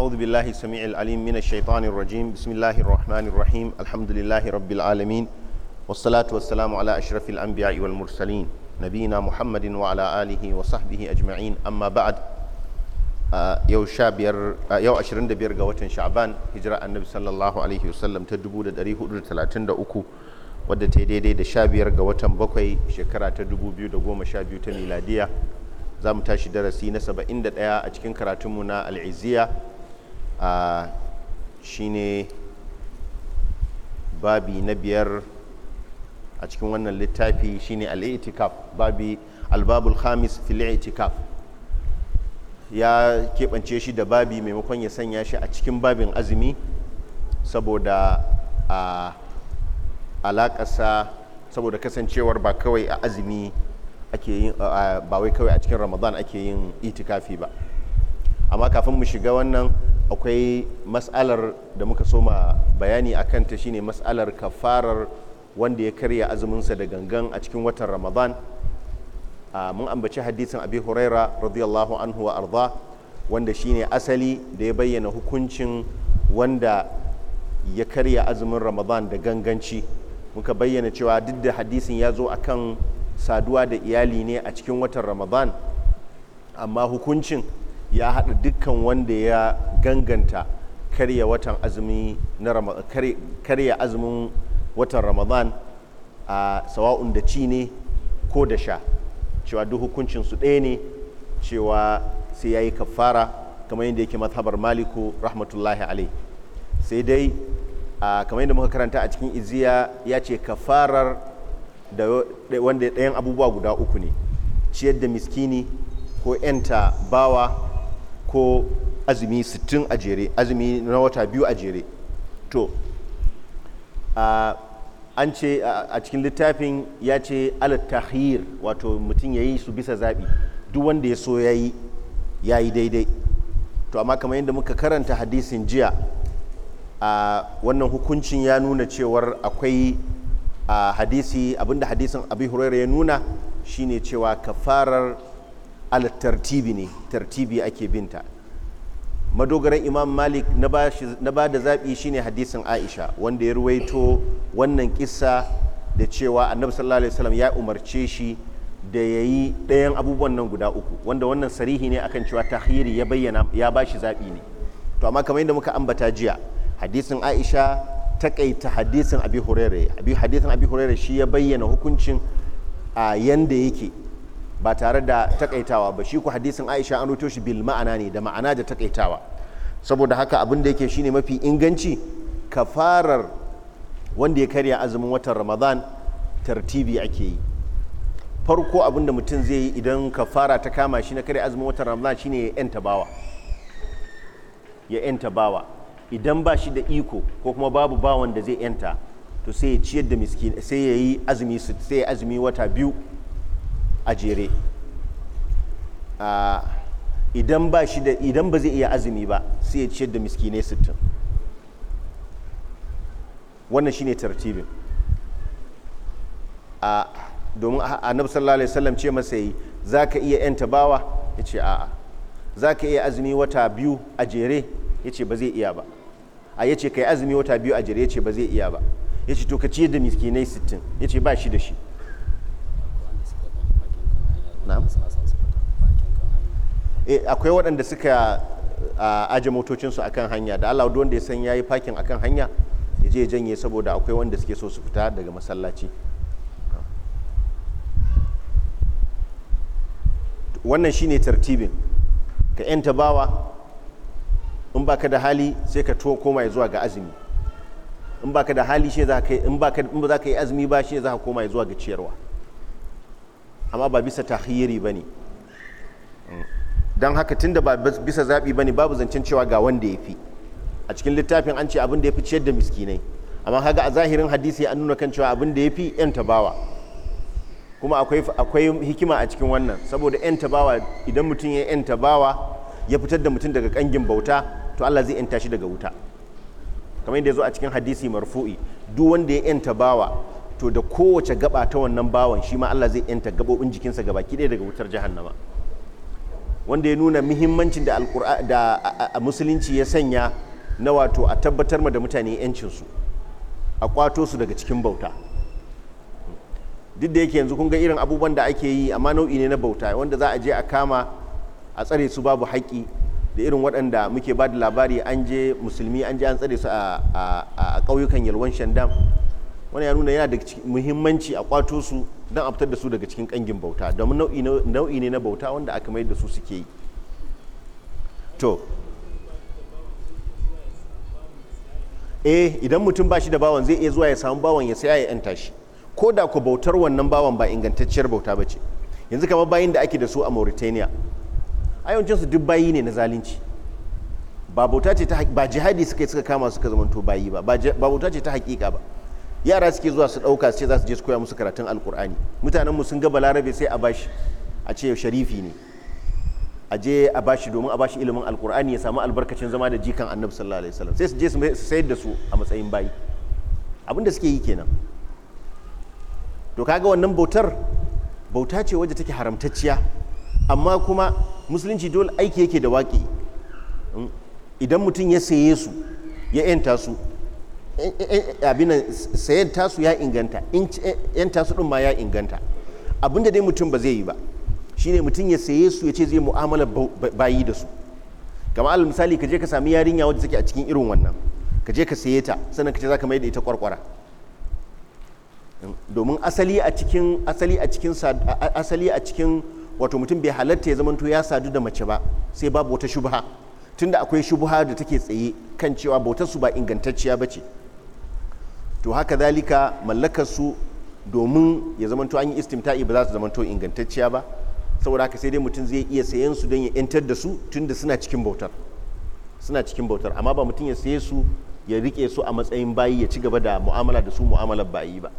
أعوذ بالله السميع العليم من الشيطان الرجيم بسم الله الرحمن الرحيم الحمد لله رب العالمين والصلاة والسلام على أشرف الأنبياء والمرسلين نبينا محمد وعلى آله وصحبه أجمعين أما بعد yau sha biyar yau ashirin da biyar ga watan sha'aban hijira annabi sallallahu alaihi wasallam ta dubu da dari hudu da talatin da uku wadda ta daidai da sha biyar ga watan bakwai shekara ta dubu biyu da goma sha biyu ta miladiya za mu tashi darasi na saba'in da ɗaya a cikin karatunmu na al'iziya a shine babi na biyar a cikin wannan littafi shine al-i'tikaf babi albabul khamis fil i'tikaf ya keɓance shi da babi maimakon ya sanya shi a cikin babin azumi saboda a alaƙasa saboda kasancewar ba kawai a azumi ake yin ba wai kawai a cikin ramadan ake yin itikafi ba amma kafin mu shiga wannan akwai matsalar da muka soma bayani a kanta shine matsalar kafarar wanda ya karya azuminsa da gangan a cikin watan ramadan mun ambaci hadisin abu huraira radiyallahu anhu wa arda wanda shine asali da ya bayyana hukuncin wanda ya karya azumin ramadan da ganganci muka bayyana cewa duk da hadisin ya zo akan saduwa da iyali ne a cikin watan ramadan amma hukuncin ya haɗa dukkan wanda ya ganganta karya watan azumi na karya azumin watan ramadan a sawa'un da ci ne ko da sha cewa duk hukuncin su ɗaya ne cewa sai ya yayi kafara kamar yadda yake mazhabar maliko rahmatullahi alai sai dai kamar yadda muka karanta a cikin iziya ya ce kafarar da wanda ɗayan abubuwa guda uku ne ciyar da miskini ko 'yanta bawa ko azumi 60 a jere azumi na wata biyu a jere to an ce a cikin littafin ya ce al-tahir wato mutum ya yi su bisa zaɓi duk wanda ya so ya yi ya yi daidai to amma kamar yadda muka karanta hadisin jiya a wannan hukuncin ya nuna cewar akwai hadisi abinda hadisin abi ya nuna shine cewa kafarar al tartibi ne tartibi ake binta madogaran imam malik na ba da zaɓi shine hadisin aisha wanda ya ruwaito wannan kisa da cewa annabi sallallahu alaihi wasallam ya umarce shi da ya yi ɗayan abubuwan nan guda uku wanda wannan sarihi ne akan cewa tahiri ya bayyana ya ba shi zaɓi ne to amma kamar yadda muka ambata jiya hadisin aisha takaita hadisin abi hurere hadisin abi hurere shi ya bayyana hukuncin a yanda yake ba tare da takaitawa ba shi ku hadisin aisha an ruto shi bil ma'ana ne da ma'ana da takaitawa saboda haka abin da yake shine mafi inganci kafarar wanda ya karya azumin watan ramadan tartibi ake yi farko abin da mutum zai yi idan kafara ta kama shi na karya azumin watan ramadan shine ya yanta bawa ya yanta bawa idan ba shi da iko ko kuma babu bawan da zai yanta to sai ya ciyar da miskin sai ya yi azumi sai ya azumi wata biyu a jere idan ba shi da idan ba zai iya azumi ba sai ya ciyar da miskinai sittin wannan shine tartibin a domin annabi sallallahu alaihi wasallam ce masa yi zaka iya yanta bawa yace a'a zaka iya azumi wata biyu a jere yace ba zai iya ba a yace kai azumi wata biyu a jere yace ba zai iya ba yace to ka ciyar da miskinai sittin yace ba shi da shi e akwai waɗanda suka aje motocinsu akan hanya da Allah wanda ya san ya yi fakin akan hanya ya je janye saboda akwai wanda suke so su fita daga masallaci wannan shine tartibin ka yanta bawa in baka da hali sai ka tuwo koma zuwa ga azumi in baka da hali shi za ka yi azumi ba shi za ka koma zuwa ga ciyarwa amma ba bisa tahiri ba ne don haka tun da ba bisa zaɓi ba ne babu zancen cewa ga wanda ya fi a cikin littafin an ce abin da ya fi ciyar da miskinai amma haka a zahirin hadisi an nuna kan cewa abin da ya fi yan tabawa kuma akwai hikima a cikin wannan saboda yan tabawa idan mutum ya yan tabawa ya fitar da mutum daga kangin bauta to Allah zai yanta shi daga wuta kamar yadda ya zo a cikin hadisi marfu'i duk wanda ya yan tabawa to da kowace gaba ta wannan bawan shi ma Allah zai yanta gabobin jikinsa gaba ɗaya daga wutar jahannama wanda ya nuna muhimmancin da da musulunci ya sanya na wato a tabbatar ma da mutane yancinsu a kwato su daga cikin bauta duk da yake yanzu kun ga irin abubuwan da ake yi amma nau'i ne na bauta wanda za a je a kama a tsare su babu haƙƙi da irin waɗanda muke ba da labari an je musulmi an je an tsare su a ƙauyukan yalwan shandam wani ya nuna yana da muhimmanci a kwato su don a fitar da su daga cikin kangin bauta domin nau'i ne na bauta wanda aka mai da su suke yi to eh idan mutum ba shi da bawan zai iya zuwa ya samu bawan ya saya ya yanta shi ko da ku bautar wannan bawan ba ingantacciyar bauta ba ce yanzu kamar bayin da ake da su a mauritania ayyancinsu duk bayi ne na zalunci ba bauta ce ta ba jihadi suka suka kama suka zamanto bayi ba ba bauta ce ta hakika ba yara suke zuwa su ɗauka sai za su je su koya musu karatun alkur'ani mutanen mu sun ga balarabe sai a bashi a ce sharifi ne a je a bashi domin a bashi ilimin alkur'ani ya samu albarkacin zama da jikan annabi sallallahu alaihi wasallam sai su je su sayar da su a matsayin bayi abin da suke yi kenan to kaga wannan bautar bauta ce wadda take haramtacciya amma kuma musulunci dole aiki yake da waƙi hmm? idan mutum ya saye su ya 'yanta su sayan tasu ya inganta yan tasu din ma ya inganta abin da dai mutum ba zai yi ba shine mutum ya saye su ya ce zai mu'amala bayi da su kamar alal misali ka je ka sami yarinya wadda take a cikin irin wannan ka je ka saye ta sannan ka ce za ka mai da ita kwarkwara domin asali a cikin asali a cikin asali a cikin wato mutum bai halatta ya zamanto ya sadu da mace ba sai babu wata shubha tunda akwai shubha da take tsaye kan cewa bautar ba ingantacciya ba ce to haka zalika su domin ya zamanto an yi istimta'i ba za su zamanto ingantacciya ba saboda haka sai dai mutum zai iya sayen su don ya intar da su da suna cikin bautar suna cikin bautar amma ba mutum ya saye su ya rike su a matsayin bayi ya ci gaba da mu'amala da su mu'amalar bayi ba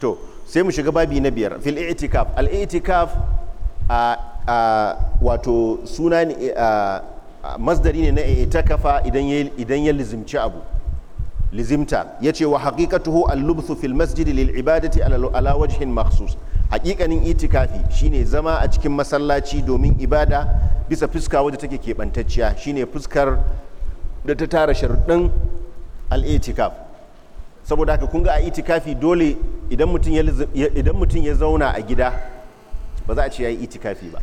to sai mu shiga babi na biyar fil i'tikaf al i'tikaf a wato suna ne masdari ne na i'takafa idan idan ya lizimci abu lizimta ya ce wa haqiqatuhu al-lubthu fil masjid lil ibadati ala wajhin makhsus haƙiƙanin itikafi shine zama a cikin masallaci domin ibada bisa fuska wadda take keɓantacciya shine fuskar da ta tara sharuɗin al-itikaf saboda haka kun ga a itikafi dole idan mutum ya zauna a gida ba za a ce ya yi itikafi ba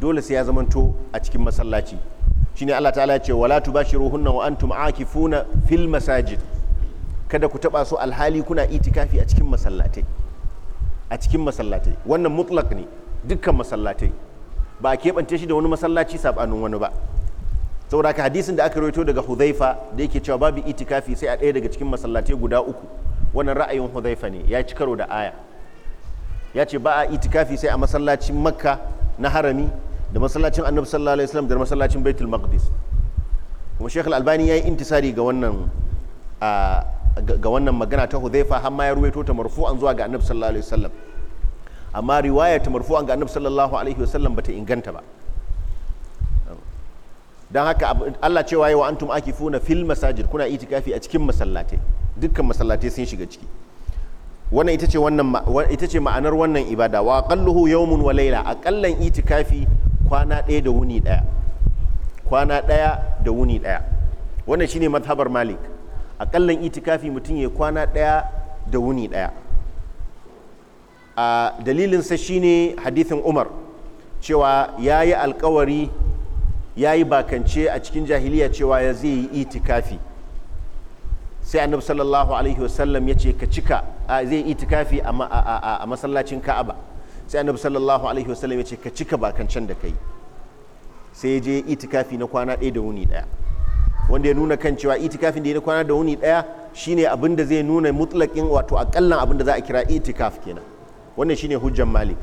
dole sai ya zamanto a cikin masallaci shine Allah ta'ala ya ce wala tubashiruhunna wa antum akifuna fil masajid kada ku taba so alhali kuna itikafi a cikin masallatai a cikin masallatai wannan mutlaq ne dukkan masallatai ba a keɓance shi da wani masallaci sabanin wani ba saboda ka hadisin da aka rawaito daga Hudhaifa da yake cewa babu itikafi sai a ɗaya daga cikin masallatai guda uku wannan ra'ayin Hudhaifa ne ya ci karo da aya ya ce ba a itikafi sai a masallacin Makka na harami da masallacin annabi sallallahu alaihi wasallam da masallacin baitul maqdis kuma shekul albani ya yi intisari ga wannan ga wannan magana ta hudhaifa har ma ya ruwaito ta marfu'an zuwa ga annabi sallallahu alaihi wasallam amma riwaya ta marfu'an ga annabi sallallahu alaihi wasallam bata inganta ba dan haka Allah cewa yawa antum akifuna fil masajid kuna itikafi a cikin masallatai dukkan masallatai sun shiga ciki wannan ita ce wannan ita ce ma'anar wannan ibada wa qalluhu yawmun wa layla aqallan itikafi kwana ɗaya da wuni ɗaya kwana ɗaya da wuni ɗaya wannan shine mazhabar malik a aƙallan itikafi mutum ya kwana ɗaya da wuni ɗaya a dalilinsa shine hadithin umar cewa ya yi alkawari ya yi bakance a cikin jahiliya cewa ya zai yi itikafi sai annabi sallallahu alaihi wasallam ya ce ka cika zai yi itikafi a masallacin ka'aba sai annabi sallallahu alaihi wasallam ya ce ka cika bakan can da kai sai ya je itikafi na kwana ɗaya da wuni ɗaya wanda ya nuna kan cewa itikafin da ya kwana da wuni ɗaya shine abin da zai nuna mutlakin wato aƙallan abin da za a kira itikaf kenan wannan shine hujjan malik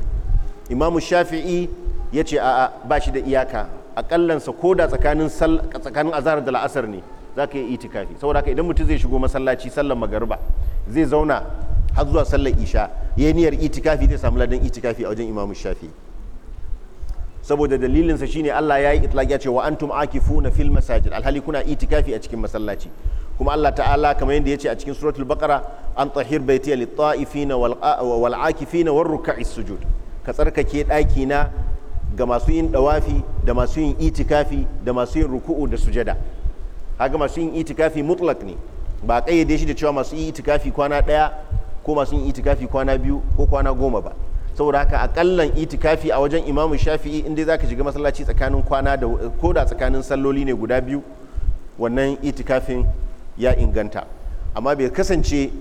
imamu shafi'i ya ce a'a ba shi da iyaka aƙallansa ko da tsakanin tsakanin azhar da la'asar ne za ka yi itikafi saboda haka idan mutum zai shigo masallaci sallar magariba zai zauna har zuwa sallar isha ya niyyar itikafi zai samu ladan itikafi a wajen imamu shafi saboda dalilinsa shine Allah ya yi itlaq ya ce wa antum akifuna fil masajid alhali kuna itikafi a cikin masallaci kuma Allah ta'ala kamar yadda ya ce a cikin suratul baqara an tahir baitiya lit ta'ifina wal akifina war ruka'is sujud ka tsarkake daki na ga masu yin dawafi da masu yin itikafi da masu yin ruku'u da sujada kaga masu yin itikafi mutlak ne ba kayyade shi da cewa masu yin itikafi kwana daya ko masu yin itikafi kwana biyu ko kwana goma ba saboda haka akallan itikafi a wajen imamu shafi'i inda za ka shiga masallaci tsakanin kwana da ko da tsakanin salloli ne guda biyu wannan itikafin ya inganta amma bai kasance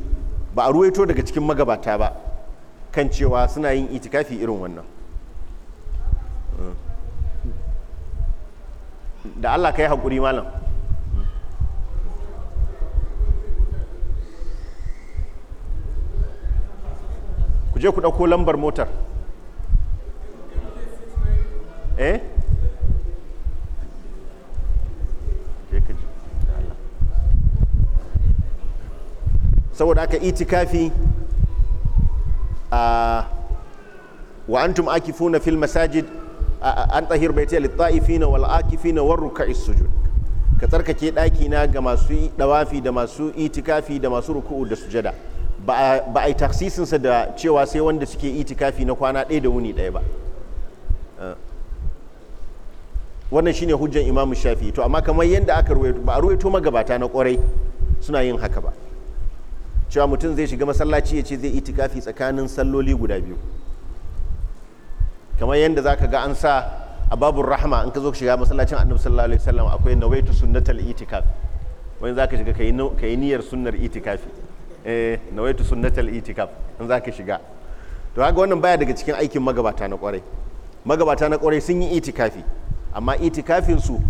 ba a ruwaito daga cikin magabata ba kan cewa suna yin itikafi irin wannan mm. da allah ka yi hakuri malam je ku ɗauko lambar motar eh saboda aka itikafi a ah, wa antum akifuna fil masajid an tsahir baiti lit ta'ifina wal akifina war ruka'is sujud ka tsarkake daki na ga masu dawafi da masu itikafi da masu ruku'u da sujada ba a yi taksisinsa da cewa sai wanda suke itikafi na kwana ɗaya da wuni ɗaya ba eh. wannan shine hujjan imamu shafi to amma kamar yadda aka ruwaito ba a ruwaito magabata na kwarai suna yin haka ba cewa mutum zai shiga masallaci ya ce zai itikafi tsakanin salloli guda biyu kamar yadda za ka ga an sa a babu rahama in ka zo shiga masallacin annabi sallallahu alaihi wasallam akwai nawaitu sunnatal itikaf wani za ka shiga ka yi niyyar sunnar itikafi eh nawaitu sunnatal itikaf in zaka shiga to haka wannan baya daga cikin aikin magabata na kwarai magabata na kwarai sun yi itikafi amma itikafinsu su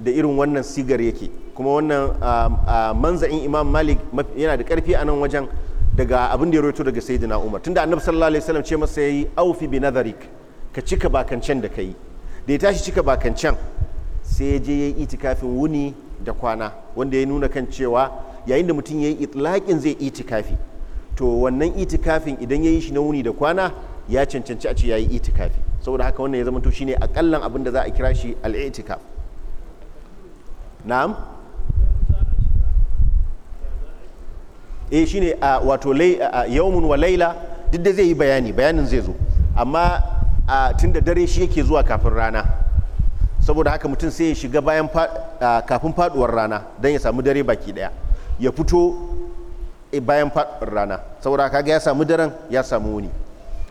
da irin wannan sigar yake kuma wannan manza'in imam malik yana da karfi a nan wajen daga abin da ya roto daga sayyidina umar tunda annabi sallallahu alaihi wasallam ce masa yayi aufi bi nadarik ka cika bakancen da kai da ya tashi cika bakancen sai ya je yayi itikafin wuni da kwana wanda ya nuna kan cewa yayin da mutum ya yi itlaƙin zai itikafi to wannan itikafin idan ya yi shi na wuni da kwana ya cancanci a ce ya yi itikafi saboda haka wannan ya zama to shine akallan abin da za a kira shi al'itikaf na'am eh shine a wato yawmun wa layla duk da zai yi bayani bayanin zai zo amma tun da dare shi yake zuwa kafin rana saboda haka mutum sai ya shiga bayan kafin faduwar rana don ya samu dare baki daya ya fito eh, bayan faɗin rana saboda kaga ya samu daren ya samu wuni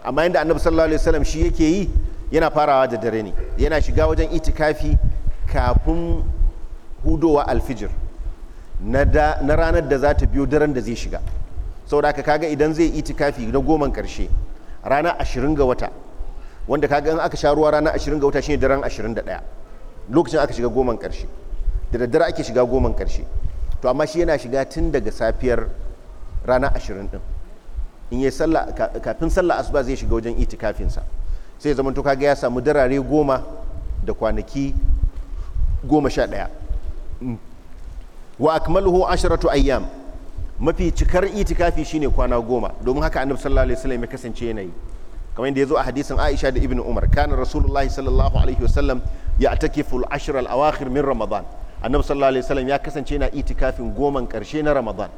amma yadda annabi sallallahu alaihi wasallam shi yake yi yana farawa da dare ne yana shiga wajen itikafi kafin hudowa alfijir na ranar da za ta biyo daren da zai shiga saboda haka kaga idan zai itikafi na goman karshe rana ashirin ga wata wanda kaga in aka sha ruwa rana ashirin ga wata shine daren ashirin da ɗaya lokacin aka shiga goman karshe da daddare ake shiga goman karshe to amma shi yana shiga tun daga safiyar rana ashirin din in yi kafin sallah asuba zai shiga wajen itikafinsa sai zama to kaga ya samu darare goma da kwanaki goma sha ɗaya wa akmaluhu asharatu ayyam mafi cikar itikafi shine kwana goma domin haka annabi sallallahu alaihi wasallam ya kasance yanayi kamar yadda ya zo a hadisin aisha da ibn umar kana rasulullahi sallallahu alaihi wasallam ya ashr al-awakhir min ramadan annabi sallallahu alaihi wasallam ya kasance yana itikafin goman karshe na ramadan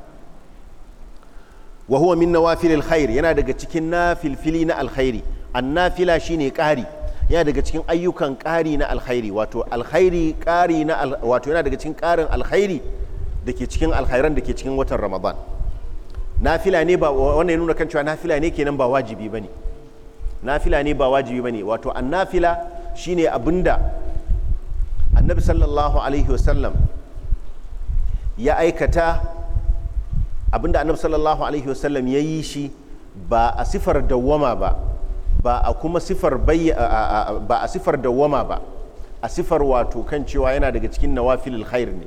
wa huwa min nawafilil khair yana daga cikin nafilfili na alkhairi annafila shine kari yana daga cikin ayyukan kari na alkhairi wato alkhairi kari na wato yana daga cikin karin alkhairi da ke cikin alkhairan da ke cikin watan ramadan nafila ne ba wannan ya nuna kan cewa nafila ne kenan ba wajibi bane nafila ne ba wajibi bane wato annafila shine abinda annabi sallallahu alaihi wasallam ya aikata abinda annabi sallallahu alaihi wasallam ya yi shi ba a sifar dawwama ba ba a kuma sifar ba a sifar dawwama ba a sifar wato kan cewa yana daga cikin nawafilul khair ne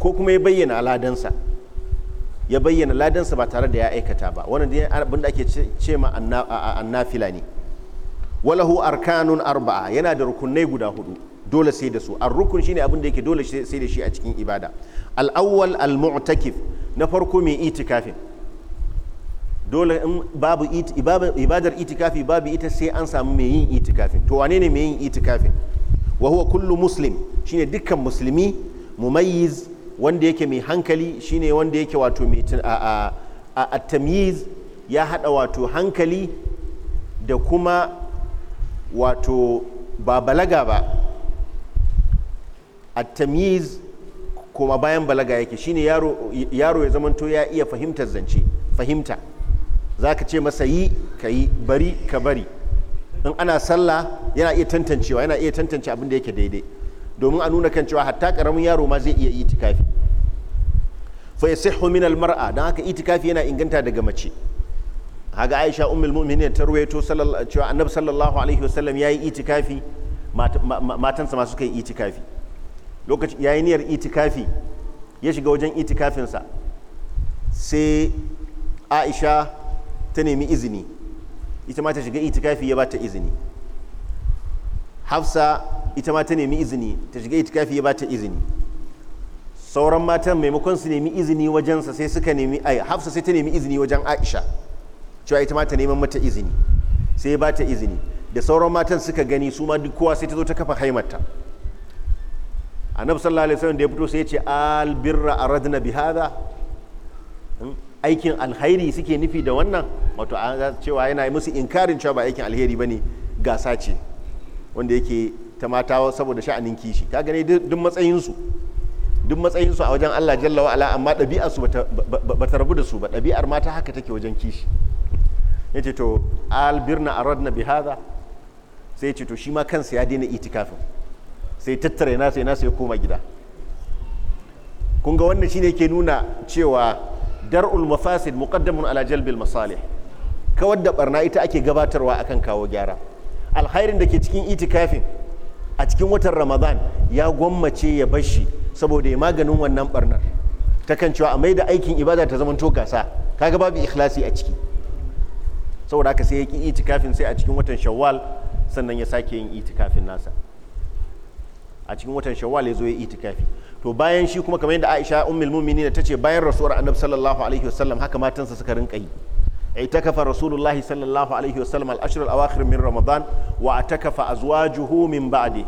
ko kuma ya bayyana aladansa ya bayyana ladansa ba tare da ya aikata ba wannan dai abin ake ce ma annafila ne walahu arkanun arba'a yana da rukunai guda hudu dole sai da su rukun shine abin da yake dole sai da shi a cikin ibada al al-mu'takif na farko mai itikafin dole in babu ibadar itikafi babu ita sai an samu mai yin itikafin to wane ne mai yin itikafin wa huwa kullu muslim shine dukkan musulmi mumayyiz wanda yake mai hankali shine wanda yake wato mai a tamyiz ya hada wato hankali da kuma wato ba balaga ba at-tamyiz kuma bayan balaga yake shine yaro yaro ya zamanto ya iya fahimtar zance fahimta zaka ce masa yi kayi bari ka bari in ana sallah yana iya tantancewa yana iya tantance abin da yake daidai domin a nuna kan cewa hatta karamin yaro ma zai iya itikafi fa yasihhu min al-mar'a dan haka itikafi yana inganta daga mace haga Aisha ummul mu'minin ta ruwaito cewa Annabi sallallahu alaihi wasallam yayi itikafi matansa ma suka yi itikafi lokaci yayi niyyar itikafi ya shiga wajen itikafinsa sai aisha ta nemi izini ita ma ta shiga itikafi ya ba ta izini hafsa ita ma ta nemi izini ta shiga itikafi ya ba ta izini sauran matan maimakon su nemi izini wajensa sai suka nemi ai hafsa sai ta nemi izini wajen aisha cewa ita ma ta neman mata izini sai ya ba ta izini da sauran matan suka gani su ma duk kowa sai ta zo ta kafa haimarta annabi sallallahu alaihi wasallam da ya fito sai ya ce al birra aradna bi hmm? aikin alkhairi suke nufi da wannan wato cewa yana musu inkarin cewa ba aikin alheri bane gasa ce wanda yake ta mata saboda sha'anin kishi ta gane duk matsayinsu duk matsayinsu a wajen Allah jalla wa ala amma ɗabi'arsu ba ta rabu da su ba ɗabi'ar mata haka take wajen kishi ya ce to albirna aradna bi sai ya ce to shi ma kansa ya daina itikafin sai tattare nasa nasa ya koma gida kun ga wannan shine ke nuna cewa dar'ul mafasid muqaddamun ala jalbil masalih kawar da barna ita ake gabatarwa akan kawo gyara alkhairin da ke cikin itikafin a cikin watan ramadan ya gwammace ya bashi saboda ya maganin wannan barnar ta kan cewa a mai da aikin ibada ta zama to gasa kaga babu ikhlasi a ciki saboda haka sai ya ki itikafin sai a cikin watan shawwal sannan ya sake yin itikafin nasa a cikin watan shawwal ya zo ya itikafi to bayan shi kuma kamar yadda Aisha ummul mu'minin ta ce bayan rasuwar Annabi sallallahu alaihi wasallam haka matansa suka rinka yi اعتكف رسول الله صلى الله عليه وسلم الأشهر الأواخر من رمضان واعتكف أزواجه من بعده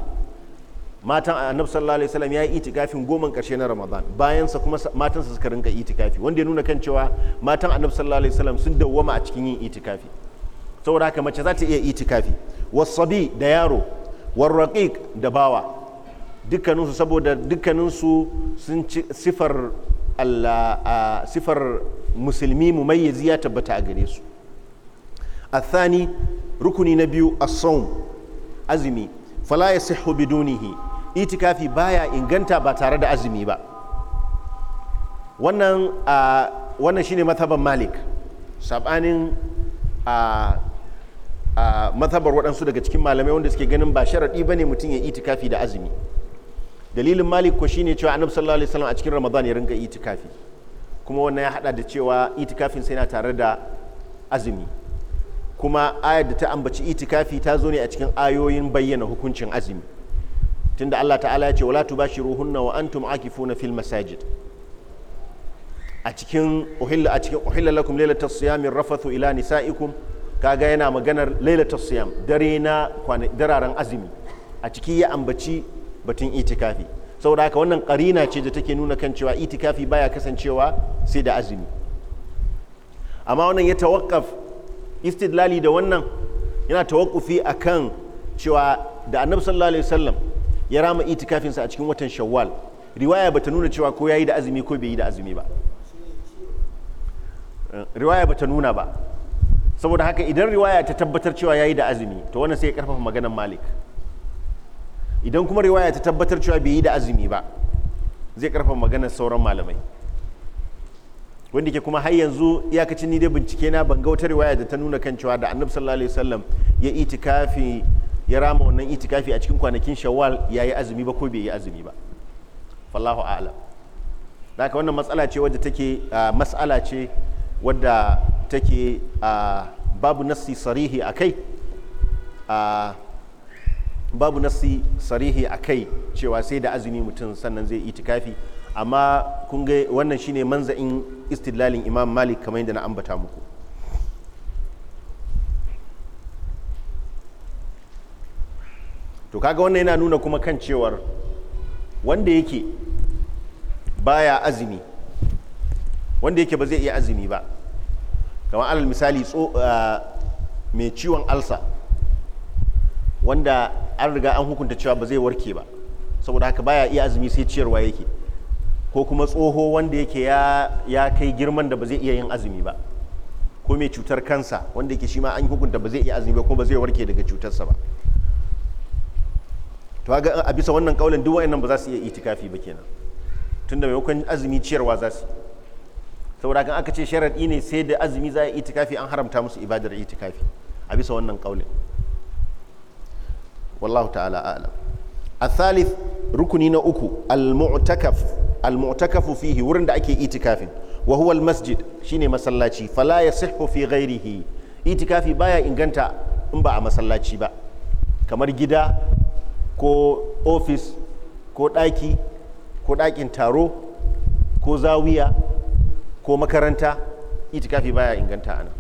matan annabi sallallahu alaihi wasallam ya yi itikafin goman karshe na ramadan bayan sa kuma matan sa suka rinka itikafi wanda ya nuna kan cewa matan annabi sallallahu alaihi wasallam sun dawwama a cikin yin itikafi saboda haka mace za ta itikafi wasabi da yaro warraqiq da bawa dukkaninsu saboda dukkaninsu sun ci sifar sifar musulmi mu mai ya tabbata a gare su a athani rukuni na biyu a tsawon azumi fala yasihhu bidunihi itikafi baya inganta ba tare da azumi ba wannan wannan shine mazhaban malik sabanin a mazhabar waɗansu daga cikin malamai wanda suke ganin ba sharaɗi ba ne mutum ya itikafi da azumi dalilin malik ko shine cewa annabi sallallahu alaihi wasallam a cikin ramadan ya rinka itikafi kuma wannan ya hada da cewa itikafin sai na tare da azumi kuma ayar da ta ambaci itikafi ta zo ne a cikin ayoyin bayyana hukuncin azumi tunda Allah ta'ala ya ce wala tubashiruhunna wa antum akifuna fil masajid a cikin uhilla a cikin uhilla lakum lailatas siyam rafathu ila nisaikum kaga yana maganar lailatas siyam dare na dararen azumi a ciki ya ambaci batun itikafi saboda haka wannan karina ce da take nuna kan cewa itikafi baya kasancewa sai da azumi amma wannan ya tawakkaf istidlali da wannan yana tawakkufi kan cewa da annabi sallallahu alaihi wasallam ya rama itikafinsa a cikin watan shawwal riwaya ba ta nuna cewa ko ya yi da azumi ko bai yi da azumi ba riwaya ba ta nuna ba saboda haka idan riwaya ta tabbatar cewa ya yi da azumi to wannan sai ya karfafa maganar malik idan kuma riwaya ta tabbatar cewa bai yi da azumi ba zai karfa maganar sauran malamai wanda ke kuma har yanzu iyakacin ni dai bincike na ban ga wata riwaya da ta nuna kan cewa da annabi sallallahu alaihi wasallam ya itikafi ya rama wannan itikafi a cikin kwanakin shawwal ya yi azumi ba ko bai yi azumi ba wallahu a'lam haka wannan matsala ce wadda take matsala ce wadda take babu nassi sarihi a kai babu nasi sarihi a kai cewa sai da azumi mutum sannan zai itikafi amma kun ga wannan shine manza'in istidlalin imam malik kamar yadda na ambata muku to kaga wannan yana nuna kuma kan cewar wanda yake baya azumi wanda yake ba zai iya azumi ba kamar alal misali ah, mai ciwon alsa wanda an riga an hukunta cewa ba zai warke ba saboda haka baya iya azumi sai ciyarwa yake ko kuma tsoho wanda yake ya, ya kai girman da ba zai iya yin azumi ba ko mai cutar kansa wanda yake shi ma an hukunta ba zai iya azumi ba kuma ba zai warke daga cutarsa ba to ga a bisa wannan kaulin duk wa'annan ba za su iya itikafi ba kenan tunda maimakon azumi ciyarwa za su saboda kan aka ce sharaɗi ne sai da azumi za a itikafi an haramta musu ibadar itikafi a bisa wannan kaulin wallahu ta'ala a'lam athalith rukuni na uku al fihi wurin da ake itikafin wa masjid shine masallaci fala yasihhu fi gairihi itikafi baya inganta in ba a masallaci ba kamar gida ko ofis ko ɗaki ko dakin taro ko zawiya ko makaranta itikafi baya inganta ana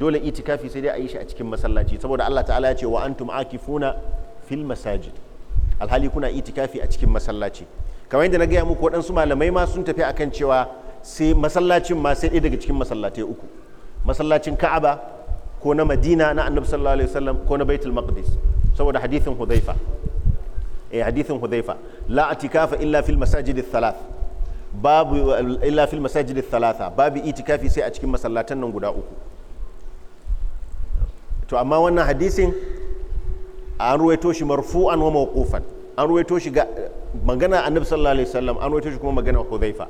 dole itikafi sai dai a yi shi a cikin masallaci saboda Allah ta'ala ya ce wa antum akifuna fil masajid alhali kuna itikafi a cikin masallaci kamar yadda na gaya muku waɗansu malamai ma sun tafi akan cewa sai masallacin ma sai ɗaya daga cikin masallatai uku masallacin ka'aba ko na madina na annabi sallallahu alaihi wasallam ko na baitul maqdis saboda hadithin hudhaifa eh hadithin hudhaifa la atikafa illa fil masajid thalath babu illa fil masajid thalatha babu itikafi sai a cikin masallatan nan guda uku to amma wannan hadisin an ruwaito shi marfu'an wa mawqufan an ruwaito shi ga magana annabi sallallahu alaihi wasallam an ruwaito shi kuma magana hudhaifa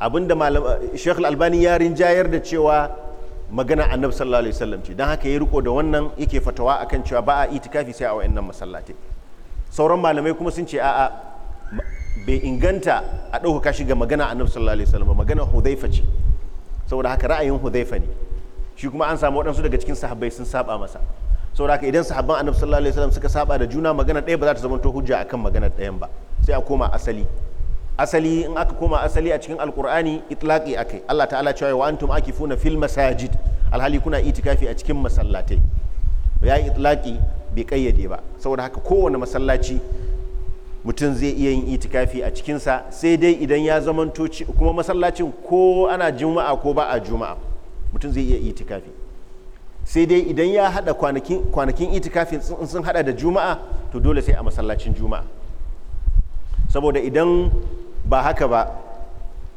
abinda malam Sheikh Al-Albani ya rinjayar da cewa magana annabi sallallahu alaihi wasallam ce dan haka ya riko da wannan yake fatawa akan cewa ba a itikafi sai a wayannan masallatai sauran malamai kuma sun ce a'a bai inganta a ɗaukaka shi ga magana annabi sallallahu alaihi wasallam magana Hudhaifa ce saboda haka ra'ayin Hudhaifa ne shi kuma an samu waɗansu daga cikin sahabbai sun saba masa saboda haka idan sahabban annabi sallallahu alaihi wasallam suka saba da juna magana ɗaya ba za ta zama to hujja akan magana ɗayan ba sai a koma asali asali in aka koma asali a cikin alkur'ani itlaqi akai Allah ta'ala cewa wa antum akifuna fil masajid alhali kuna itikafi a cikin masallatai ya itlaqi bai kayyade ba saboda haka kowane masallaci mutum zai iya yin itikafi a cikinsa sai dai idan ya zamanto kuma masallacin ko ana juma'a ko ba a juma'a mutum zai iya itikafi sai dai idan ya hada kwanakin itikafi sun hada da juma'a to dole sai a masallacin juma'a saboda idan ba haka ba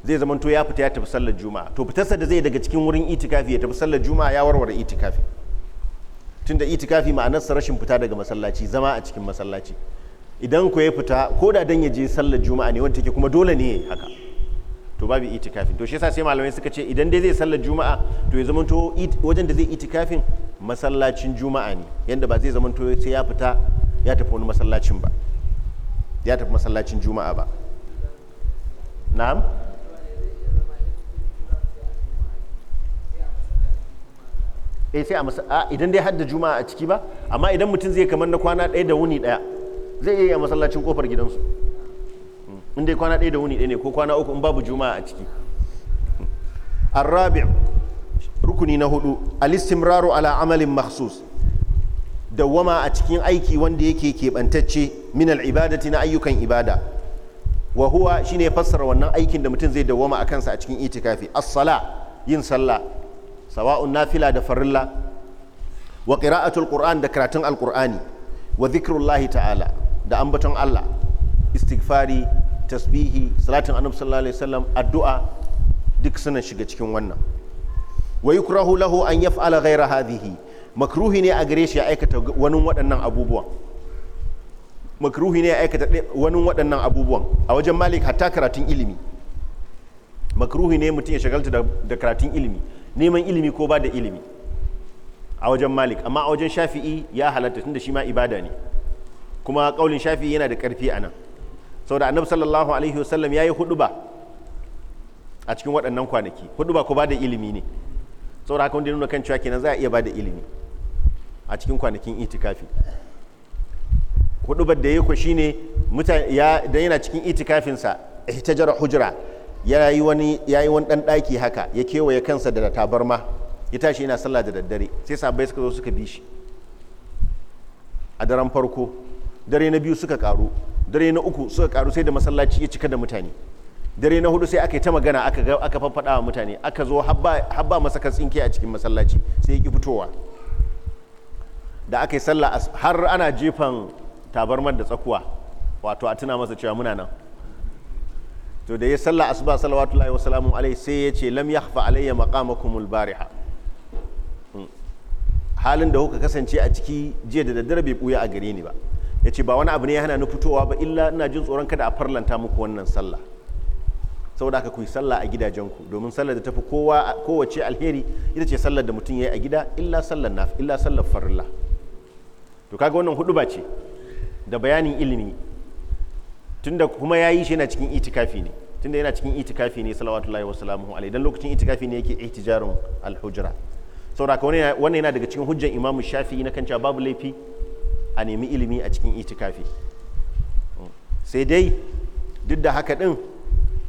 zai zama to ya fita ya tafi sallar juma'a to fitarsa da zai daga cikin wurin itikafi ya tafi sallar juma'a ya warware itikafi tunda itikafi ma'anarsa rashin fita daga masallaci zama a cikin masallaci idan ku ya fita ko da dan ya je sallar juma'a ne wanda take kuma dole ne haka to babu itikafin to shi yasa sai malamai suka ce idan dai zai sallar juma'a to ya zamanto wajen da zai itikafin masallacin juma'a ne yanda ba zai zamanto sai ya fita ya tafi wani masallacin ba ya tafi masallacin juma'a ba na'am eh sai a idan dai hadda juma'a a ciki ba amma idan mutum zai kamar na kwana ɗaya da wuni ɗaya zai iya masallacin kofar gidansu in dai kwana ɗaya da wuni ɗaya ne ko kwana uku in babu juma'a a ciki arrabi rukuni na hudu alistimraru ala amalin mahsus dawwama a cikin aiki wanda yake keɓantacce min al'ibadati na ayyukan ibada wa huwa shine fassara wannan aikin da mutum zai dawwama a kansa a cikin itikafi as-sala yin sallah sawa'un nafila da farilla wa qira'atul qur'an da karatun alqur'ani wa dhikrullahi ta'ala da ambaton Allah istighfari tasbihi salatin annabi sallallahu alaihi wasallam addu'a duk suna shiga cikin wannan wa yukrahu lahu an yaf'ala ghayra hadhihi makruhi ne a gare shi ya aikata wani waɗannan abubuwan makruhi ne ya aikata wani waɗannan abubuwan a wajen malik hatta karatun ilimi makruhi ne mutum ya shagalta da karatun ilimi neman ilimi ko ba da ilimi a wajen malik amma a wajen shafi'i ya halatta tunda shi ma ibada ne kuma kaulin shafi'i yana da karfi a nan sau da annabi sallallahu alaihi wasallam ya yi huduba a cikin waɗannan kwanaki huduba ku ba da ilimi ne sau da haka wanda nuna kan cewa kenan za a iya ba da ilimi a cikin kwanakin itikafi hudubar da ya ku ne dan yana cikin itikafinsa ihtajara hujra ya yi wani ɗan ɗaki haka ya kewaye kansa da tabarma ya tashi yana sallah da daddare sai sabai suka zo suka bi shi a daren farko dare na biyu suka karu dare na uku suka karu sai da masallaci ya cika da mutane dare na hudu sai aka yi ta magana aka ga aka wa mutane aka zo habba kan tsinke a cikin masallaci sai ya fitowa da aka yi sallah har ana jefan tabarmar da tsakuwa wato a tuna masa cewa muna nan to da ya sallah asuba salawatullahi wa salamu alaihi sai ya ce lam yahfa alayya maqamakumul bariha hmm. halin da kuka kasance a ciki jiya da daddare bai buya a gare ni ba ya ce ba wani abu ne ya hana ni fitowa ba illa ina jin tsoron kada a farlanta muku wannan sallah saboda haka ku yi sallah a gidajenku domin sallar da tafi kowa kowace alheri ita ce sallar da mutum ya yi a gida illa sallar naf illa sallar farilla to kaga wannan hudu ba ce da bayanin ilimi tunda kuma ya yi shi yana cikin itikafi ne tunda yana cikin itikafi ne salawatullahi wasalamu alaihi dan lokacin itikafi ne yake ihtijarun alhujra saboda haka wannan yana daga cikin hujjan imamu shafi'i na kan babu laifi a nemi ilimi a cikin itikafi sai dai duk da haka din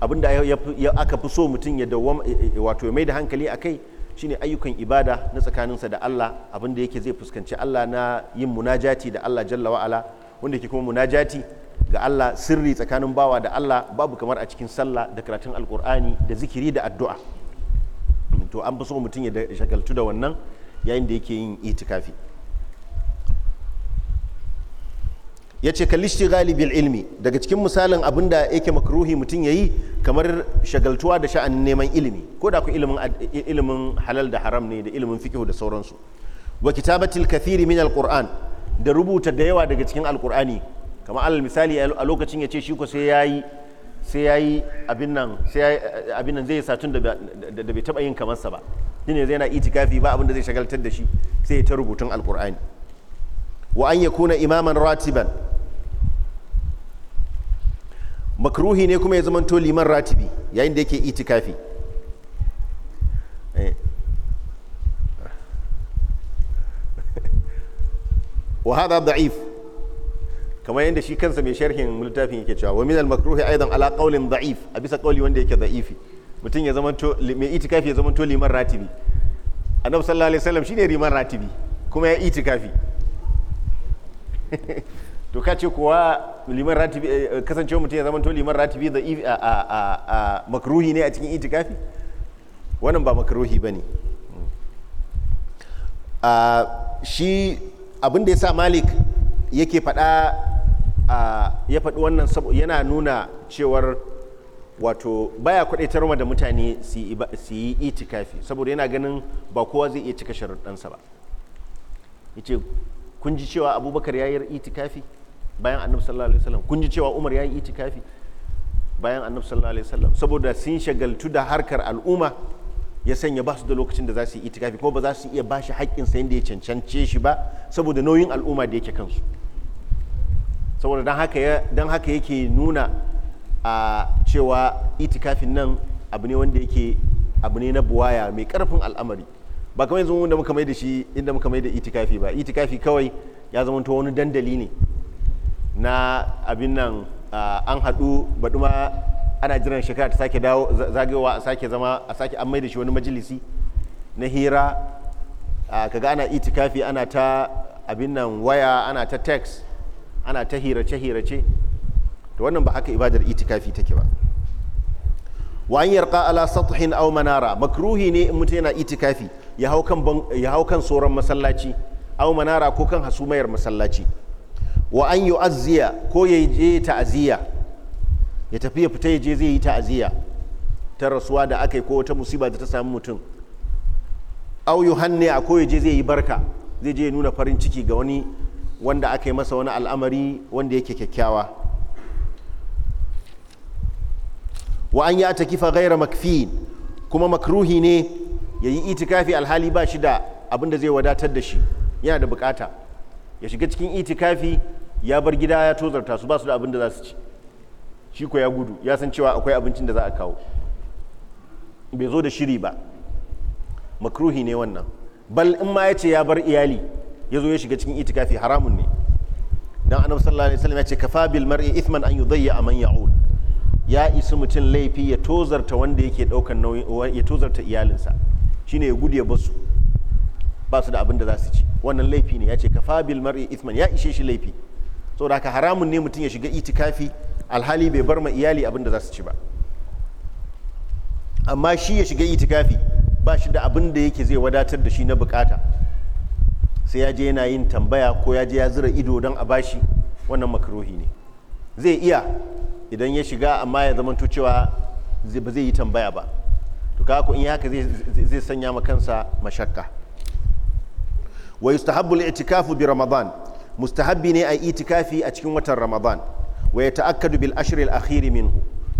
abinda aka fi so mutum ya wato ya mai da hankali a kai shine ayyukan ibada na tsakaninsa da Allah abinda yake zai fuskanci Allah na yin munajati da Allah jalla wa'ala wanda yake kuma munajati ga Allah sirri tsakanin bawa da Allah babu kamar a cikin sallah da karatun alkur'ani da zikiri da addu'a to an fi so mutum ya shagaltu da wannan yayin da yake yin itikafi ya ce kalishti galibin ilmi daga cikin misalin abin da yake makruhi mutum ya yi kamar shagaltuwa da sha'anin neman ilimi ko da ku ilimin halal da haram ne da ilimin fikihu da sauransu wa kitabatil kathiri min alquran da rubuta da yawa daga cikin alqur'ani kamar alal misali a lokacin ya ce shi ko sai yayi sai yayi abin nan sai abin nan zai satun da bai taba yin kamar sa ba shine zai na itikafi ba abin da zai shagaltar da shi sai ya ta rubutun alqur'ani wa an yakuna imaman ratiban makruhi ne kuma ya to liman ratibi yayin da yake itikafi eh. wa hada da'if kamar yadda shi kansa mai sharhin littafin yake cewa wa min al makruhi aidan ala qawlin da'if a bisa qawli wanda yake da'ifi mutum ya to mai itikafi ya to liman ratibi annabi sallallahu alaihi wasallam shine liman ratibi kuma ya itikafi to ka ce kowa liman ratibi eh, eh, kasancewa mutum ya zama to liman ratibi da a makruhi ne a cikin itikafi wannan ba makruhi ba ne shi abin ya sa malik yake faɗa ya faɗi wannan yana nuna cewar wato baya kwadaitarwa da mutane su yi itikafi saboda yana ganin ba kowa zai iya cika sharuɗansa ba yace kun ji cewa abubakar ya yi itikafi bayan annabi sallallahu alaihi wasallam kun ji cewa umar ya yi itikafi bayan annabi sallallahu alaihi wasallam saboda sun shagaltu da harkar al'umma ya sanya ba su da lokacin da za su yi itikafi ko ba za su iya ba shi haƙƙin sa yadda ya cancance shi ba saboda nauyin al'umma da yake kansu saboda don haka ya dan haka yake nuna a cewa itikafin nan abu ne wanda yake abu ne na buwaya mai karfin al'amari ba kamar yanzu inda muka mai da shi inda muka mai da itikafi ba itikafi kawai ya zama wani dandali ne na abin nan an haɗu baɗu ma ana jiran shekara ta sake dawo zagewa a sake zama a sake an maida shi wani majalisi na hira kaga ana itikafi ana ta abin nan waya ana ta text ana ta hirace hirace to wannan ba haka ibadar itikafi take ba wa an yarqa ala sathin aw manara makruhi ne in mutum yana itikafi ya hau kan ya hau kan masallaci aw manara ko kan hasumayar masallaci wa an aziya ko ya je ta'aziyya ya tafi ya fita ya je zai yi ta'aziyya ta rasuwa da aka yi ko wata musiba da ta samu mutum au yuhanni a ko ya je zai yi barka zai je ya nuna farin ciki ga wani wanda aka yi masa wani al'amari wanda yake kyakkyawa wa an ya takifa gaira makfi kuma makruhi ne ya yi itikafi alhali ba shi da abin da zai wadatar da shi yana da bukata ya shiga cikin itikafi ya bar gida ya tozarta su ba su da abin da za su ci shi ko ya gudu ya san cewa akwai abincin da za a kawo bai zo da shiri ba makruhi ne wannan bal in ma ya ce ya bar iyali ya zo ya shiga cikin itikafi haramun ne dan annabi sallallahu alaihi wasallam ya ce kafa bil mar'i ithman an yudayya man ya'ul ya isu mutum laifi ya tozarta wanda yake daukan nauyin ya tozarta iyalinsa shine ya gudu ya basu ba su da abin da za su ci wannan laifi ne ya ce kafa bil mar'i ithman ya ishe shi laifi saboda haka haramun ne mutum ya shiga itikafi alhali bai bar ma iyali abin da za su ci ba amma shi ya shiga itikafi ba shi da abin da yake zai wadatar da shi na bukata sai ya je yana yin tambaya ko ya je ya zira ido don a bashi wannan makarohi ne zai iya idan ya shiga amma ya zama cewa ba zai yi tambaya ba to kaga in haka zai sanya ma kansa mashakka wa yustahabbu al-i'tikafu bi ramadan mustahabbi ne a itikafi a cikin watan ramadan wa ya ta'akkadu bil al akhir minhu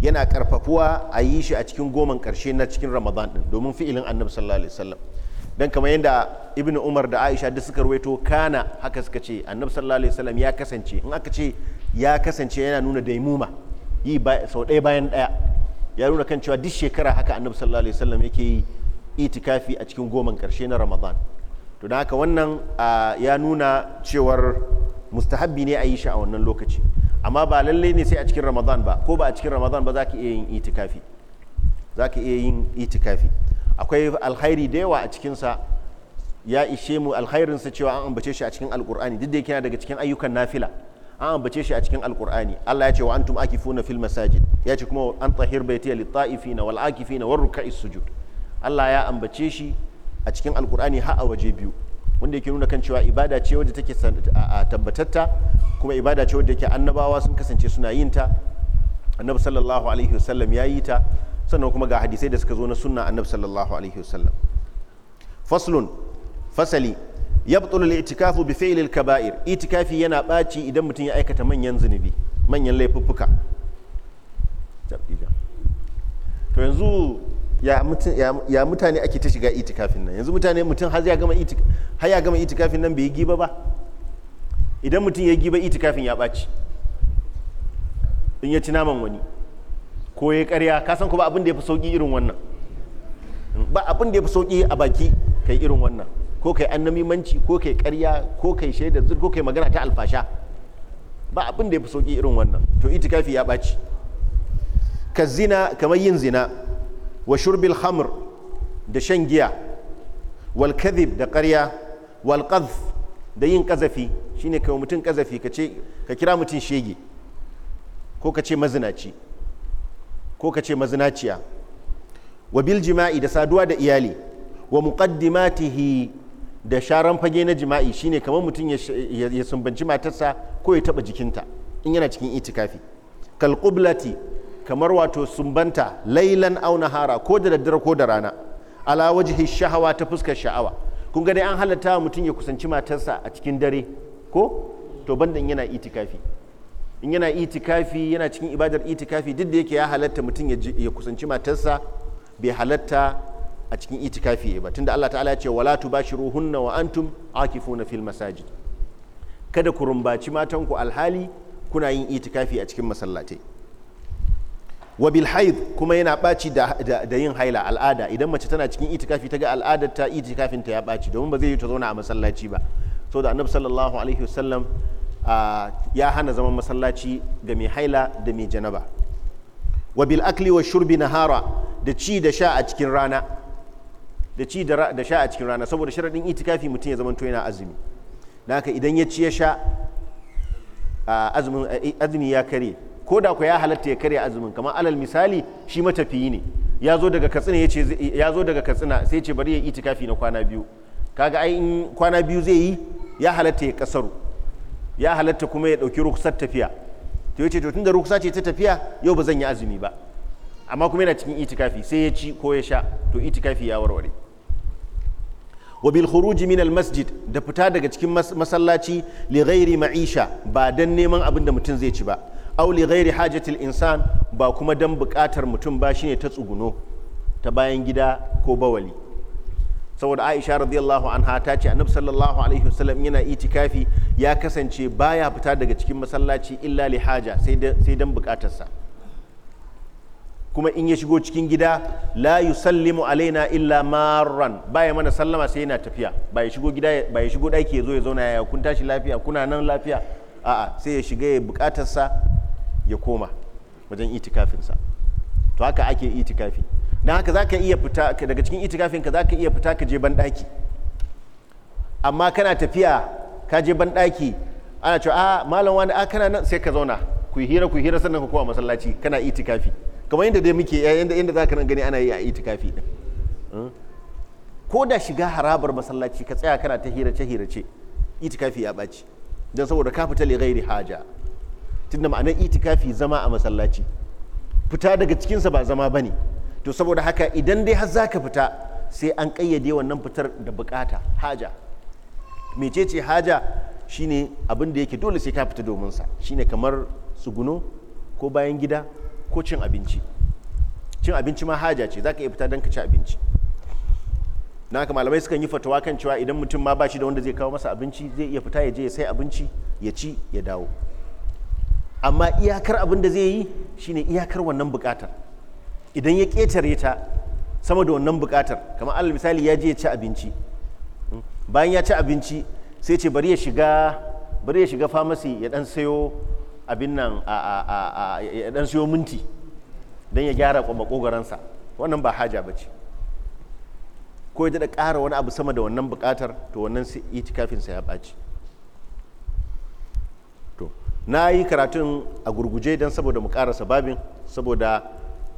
yana karfafuwa a yi shi a cikin goman karshe na cikin ramadan din domin fi'ilin annabi sallallahu alaihi wasallam dan kamar yadda ibnu umar da aisha duk suka ruwaito kana haka suka ce annabi sallallahu alaihi wasallam ya kasance in aka ce ya kasance yana nuna daimuma yi sau ɗaya bayan ɗaya ya nuna kan cewa duk shekara haka annabi sallallahu alaihi wasallam yake yi itikafi a cikin goman karshe na ramadan to da haka wannan ya nuna cewar mustahabbi ne a yi shi a wannan lokaci amma ba lallai ne sai a cikin ramadan ba ko ba a cikin ramadan ba za ka iya yin itikafi za ka iya yin itikafi akwai alkhairi da yawa a cikinsa ya ishe mu alkhairinsa cewa an ambace shi a cikin alkur'ani duk da yake daga cikin ayyukan nafila an ambace shi a cikin alkur'ani Allah ya ce wa antum akifuna fil masajid ya ce kuma an tahir baitiya lit ta'ifina wal akifina war ruka'is sujud Allah ya ambace shi a cikin alkur'ani har a waje biyu wanda yake nuna kan cewa ibada ce wadda take tabbatatta kuma ibada ce wadda yake annabawa sun kasance suna yin ta annabi sallallahu alaihi wasallam ya yi ta sannan kuma ga hadisai da suka zo na sunna annabi sallallahu alaihi wasallam faslun fasali yabtul al-i'tikafu bi fi'l al-kaba'ir itikafi yana baci idan mutum ya aikata manyan zunubi manyan laifuffuka to yanzu ya mutane ake ta shiga itikafin nan yanzu mutane mutum har ya gama itikafin nan bai yi giba ba idan mutum ya yi giba itikafin ya ɓaci in ya ci naman wani ko ya karya kasan ku kuma abin da ya fi sauƙi irin wannan ba abin da ya fi sauƙi a baki kai irin wannan ko kai annamimanci ko kai karya ko kai shaidar zur ko kai magana ta alfasha ba abin da ya fi sauƙi irin wannan to itikafi ya ɓaci ka zina kamar yin zina wa shurbil hamr da shan giya wal kadhib da ƙarya wal qadhf da yin kazafi shine kai mutum kazafi ka kira mutum shege ko ka ce mazinaciya wa bil jima'i da saduwa da iyali wa muqaddimatihi da sharan fage na jima'i shine kamar mutum ya sumbanci matarsa ko ya taba jikinta in yana cikin itikafi kal qiblati kamar wato sumbanta lailan au nahara ko da daddare ko da rana ala wajhi shahawa ta fuskar sha'awa kun ga dai an halatta mutum ya kusanci matarsa a cikin dare ko to banda yana itikafi in yana itikafi yana cikin ibadar itikafi duk da yake ya halatta mutum ya kusanci matarsa bai halatta a cikin itikafi ba tunda Allah ta'ala ya ce wala tubashiruhunna wa antum akifuna fil masajid kada ku rumbaci matanku alhali kuna yin itikafi a cikin masallatai wabil bil kuma yana ɓaci da yin haila al'ada idan mace tana cikin itikafi ta ga al'adar ta itikafin ta ya ɓaci domin ba zai yi ta zauna a masallaci ba so da annabi sallallahu alaihi wasallam ya hana zaman masallaci ga mai haila da mai janaba wabil akli wa shurbi nahara da ci da sha a cikin rana da ci da sha a cikin rana saboda sharaɗin itikafi mutum ya zamanto yana azumi naka idan ya ci ya sha azumi ya kare ko da ku ya halatta ya karya azumin kamar alal misali shi matafiyi ne ya zo daga katsina ya ce ya zo daga katsina sai ce bari ya yi itikafi na kwana biyu kaga ai in kwana biyu zai yi ya halatta ya kasaru ya halatta kuma ya dauki ruksar tafiya to yace to tunda ruksa ce ta tafiya yau ba zan yi azumi ba amma kuma yana cikin itikafi sai ya ci ko ya sha to itikafi ya warware wa bil khuruji min al masjid da fita daga cikin masallaci li ghairi ma'isha ba dan neman abin da mutum zai ci ba auli ghairi hajatil insan ba kuma dan buƙatar mutum ba shine ta tsuguno ta bayan gida ko bawali saboda aisha radiyallahu anha ta ce annabi sallallahu alaihi wasallam yana itikafi ya kasance baya fita daga cikin masallaci illa li haja sai dan bukatarsa kuma in ya shigo cikin gida la yusallimu alaina illa marran baya mana sallama sai yana tafiya ba ya shigo gida ba shigo daki ya zo ya zauna ya kun tashi lafiya kuna nan lafiya a'a sai ya shiga ya bukatarsa ya koma wajen itikafinsa to haka ake itikafi don haka za ka iya fita daga cikin itikafin ka za ka iya fita ka je banɗaki amma kana tafiya ka je banɗaki ana cewa a ah, malam wani a ah, kana nan sai ka zauna ku hira ku hira sannan ka kowa masallaci kana itikafi kamar yadda dai muke eh, yadda yadda za ka nan gani ana yi a itikafi din hmm? ko da shiga harabar masallaci ka tsaya kana ta hira ce hira ce itikafi ya ɓaci don saboda ka fita li ghairi haja tunda ma'anar itikafi zama a masallaci fita daga cikinsa ba zama ba ne to saboda haka idan dai har zaka fita sai an ƙayyade wannan fitar da bukata haja mecece haja shine abin da yake dole sai ka fita domin sa shine kamar tsuguno ko bayan gida ko cin abinci cin abinci ma haja ce zaka iya fita don ka ci abinci na haka malamai sukan yi fatawa kan cewa idan mutum ma ba shi da wanda zai kawo masa abinci zai iya fita ya je ya sai abinci ya ci ya dawo amma iyakar abin da zai yi shine iyakar wannan bukatar idan ya ƙetare ta sama da wannan bukatar kamar alal misali ya je ya ci abinci bayan ya ci abinci sai ce bari ya shiga bari ya shiga famasi ya dan sayo abin nan a ya dan sayo minti don ya gyara makogoransa wannan ba haja ba ce ko ya da ƙara wani abu sama da wannan bukatar to wannan itikafinsa ya ɓaci na yi karatun a gurguje don saboda mu karasa babin saboda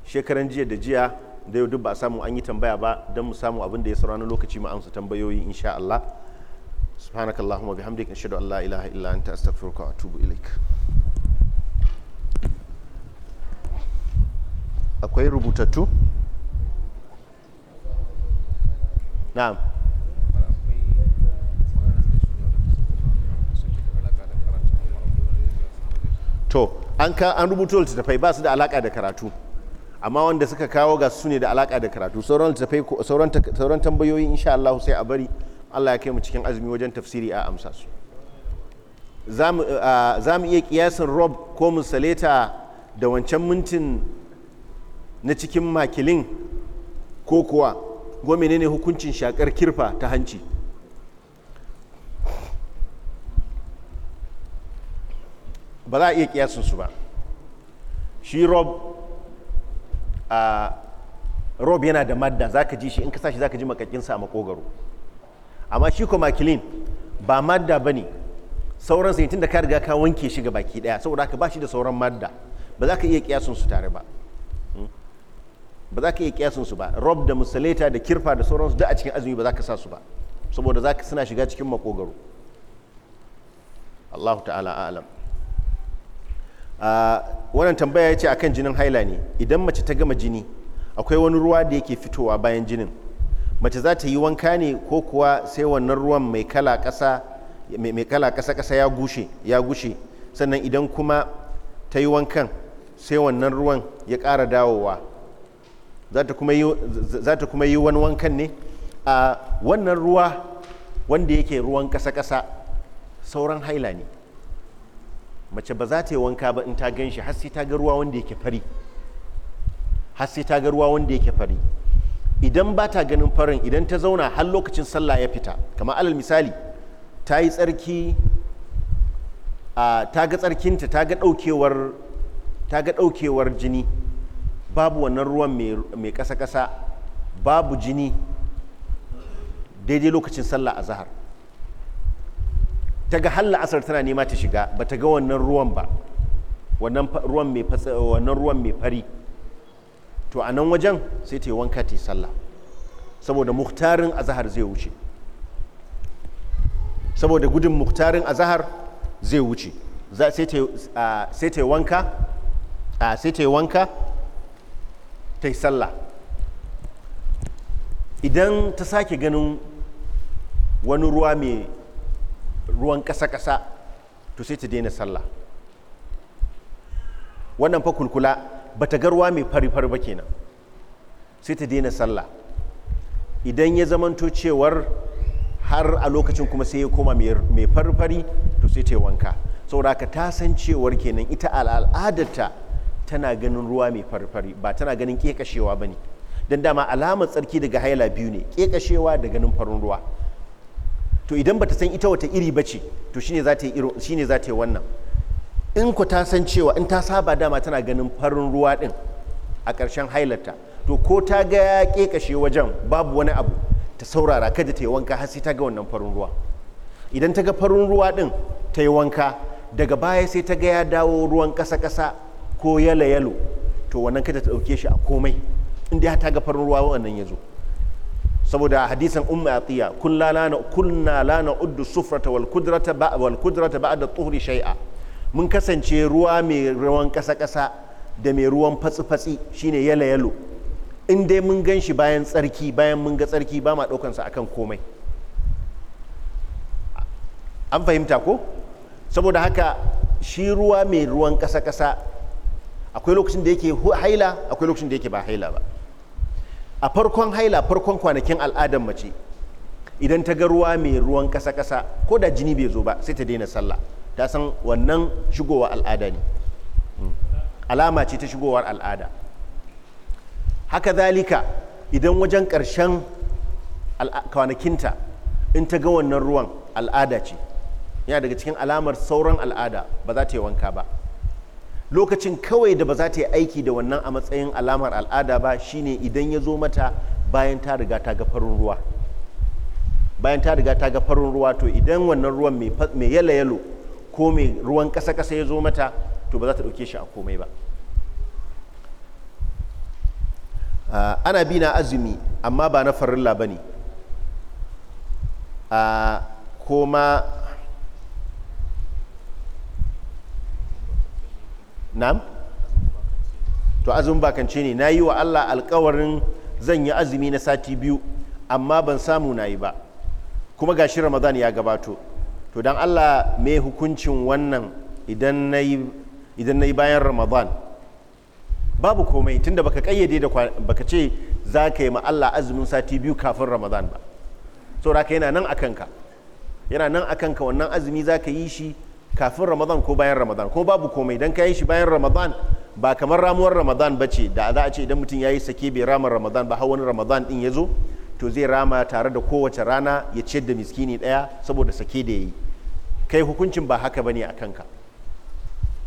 shekaran jiya da jiya da yau duk ba a samu an yi tambaya ba don mu samu abin da ya saurana lokaci mu amsa tambayoyi insha Allah subhanakallahumma bihamdika ashhadu an la ilaha illa anta astaghfiruka wa atubu ilaik akwai rubutattu na'am to an rubuto littattafai ba su da alaka da karatu amma wanda suka kawo ga su ne da alaka da karatu sauran littattafai sauran tambayoyi insha Allah sai a bari Allah ya kai mu cikin azumi wajen tafsiri a amsa su za mu iya kiyasin rob ko musaleta da wancan mintin na cikin makilin ko kuwa gome ne hukuncin shakar kirfa ta hanci ba za a iya kiyasinsu ba shi rob a rob yana da madda za ka ji shi in ka sashi za ka ji makakinsa a makogaro amma shi ko makilin ba madda ba ne sauran sai tun da ka riga ka wanke shi ga baki daya saboda haka ba shi da sauran madda ba za ka iya su tare ba hmm? ba za ka iya kiyasin su ba rob da musalaita da kirfa da sauransu da a cikin azumi ba za ka sa su ba saboda za ka suna shiga cikin makogaro Allahu ta'ala a'lam wannan tambaya ya ce akan jinin haila ne idan mace ta gama jini akwai wani ruwa da yake fitowa bayan jinin mace za ta yi wanka ne ko kuwa sai wannan ruwan mai kala ƙasa mai kala ƙasa ƙasa ya gushe ya gushe sannan idan kuma ta yi wankan sai wannan ruwan ya ƙara dawowa za ta kuma yi wani wankan ne a wannan ruwa wanda yake ruwan ƙasa-ƙasa sauran haila ne mace ba za ta yi wanka ba in ta gan shi sai ta ga ruwa wanda yake fari har ta ga ruwa wanda yake fari idan ba ta ganin farin idan ta zauna har lokacin sallah ya fita kamar alal misali ta yi tsarki ta ga tsarkinta ta ga ɗaukewar ta ga ɗaukewar jini babu wannan ruwan mai ƙasa-ƙasa babu jini daidai lokacin sallah a zahar ta ga halla asar tana nema ta shiga ba ta ga wannan ruwan ba wannan ruwan mai fari to a nan wajen sai ta yi wanka ta yi sallah saboda muhtarin azahar zai wuce saboda gudun muhtarin azahar zai wuce sai ta yi wanka sai ta yi wanka ta yi sallah idan ta sake ganin wani ruwa mai ruwan ƙasa-ƙasa to sai ta daina sallah wannan fa kulkula ba ta garwa mai fari-fari ba kenan sai ta daina sallah idan ya zamanto cewar har a lokacin kuma sai ya koma mai fari-fari to sai ta yi wanka saboda ka ta san cewar kenan ita al'adarta tana ganin ruwa mai fari-fari ba tana ganin ƙeƙashewa ba ne don dama alamar tsarki daga haila biyu ne ƙeƙashewa da ganin farin ruwa to idan bata san ita wata iri ba ce to shine za ta yi shine za ta yi wannan in ku ta san cewa in ta saba dama tana ganin farin ruwa din a ƙarshen hailarta to ko ta ga ya kekashe wajen babu wani abu ta saurara kada ta yi wanka har sai ta ga wannan farin ruwa idan ta ga farin ruwa din ta yi wanka daga baya sai ta ga ya dawo ruwan ƙasa-ƙasa ko yalo-yalo to wannan kada ta ɗauke shi a komai inda ta ga farin ruwa wannan ya zo saboda hadisan umma atiya kunna la na kunna la uddu sufrata wal kudrata ba wal kudrata ba'da tuhri shay'a mun kasance ruwa mai ruwan kasa kasa da mai ruwan fatsi fatsi shine yala yalo in dai mun gan shi bayan tsarki bayan mun ga tsarki ba ma daukan sa akan komai an fahimta ko saboda haka shi ruwa mai ruwan kasa kasa akwai lokacin da yake haila akwai lokacin da yake ba haila ba a farkon haila farkon kwanakin al'adar mace idan ta ga ruwa mai ruwan kasa-kasa ko da jini bai zo ba sai ta daina sallah ta san wannan shigowa al'ada ne hmm. alama ce ta shigowar al'ada haka zalika idan wajen ƙarshen kwanakinta in ta ga wannan ruwan al'ada ce yana daga cikin alamar sauran al'ada ba za ta yi wanka ba lokacin kawai da ba za ta yi aiki da wannan a matsayin alamar al'ada ba shine idan ya zo mata bayan ta riga ta ga farin ruwa bayan ta riga ta ga farin ruwa to idan wannan ruwan mai yala yalo ko mai ruwan ƙasa ƙasa ya zo mata to ba za ta ɗauke shi a komai ba ana bi na azumi amma ba na farilla ba ne ko ma na'am to azumin ce ne na yi wa Allah alkawarin zan yi azumi na sati biyu amma ban samu na yi ba kuma ga shi ramadan ya gabato to don Allah mai hukuncin wannan idan na yi bayan ramadan babu komai tunda baka kayyade da baka ce za ka yi ma Allah azumin sati biyu kafin ramadan ba saboda yana nan akanka yana nan kanka wannan azumi za ka yi shi kafin ramadan ko bayan ramadan ko babu komai don ka yi shi bayan ramadan ba kamar ramuwar ramadan ba ce da za a ce idan mutum ya yi sake bai rama ramadan ba har wani ramadan din ya zo to zai rama tare da kowace rana ya ciyar da miskini daya saboda sake da ya yi kai hukuncin ba haka bane a kanka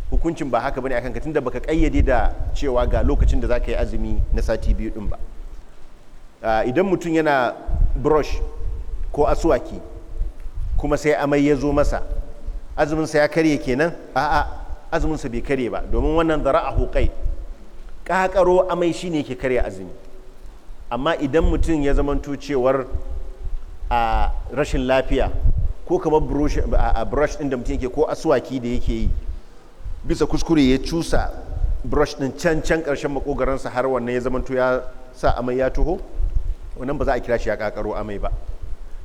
hukuncin ba haka bane a kanka tunda baka kayyade da cewa ga lokacin da za ka yi azumi na sati biyu din ba ah, idan mutum yana brush ko asuwaki kuma sai amai ya zo masa azuminsa ya karye kenan a'a azuminsa azuminsa bai karye ba domin wannan zara a kai kakaro amai shine yake karya azumi amma idan mutum ya zamanto cewar a rashin lafiya ko kamar brush ɗin da mutum yake ko aswaki da yake yi bisa kuskure ya cusa brush ɗin can can ƙarshen makogaransa har wannan ya zamanto ya sa amai ya tuho wannan ba za a kira shi ya kakaro amai ba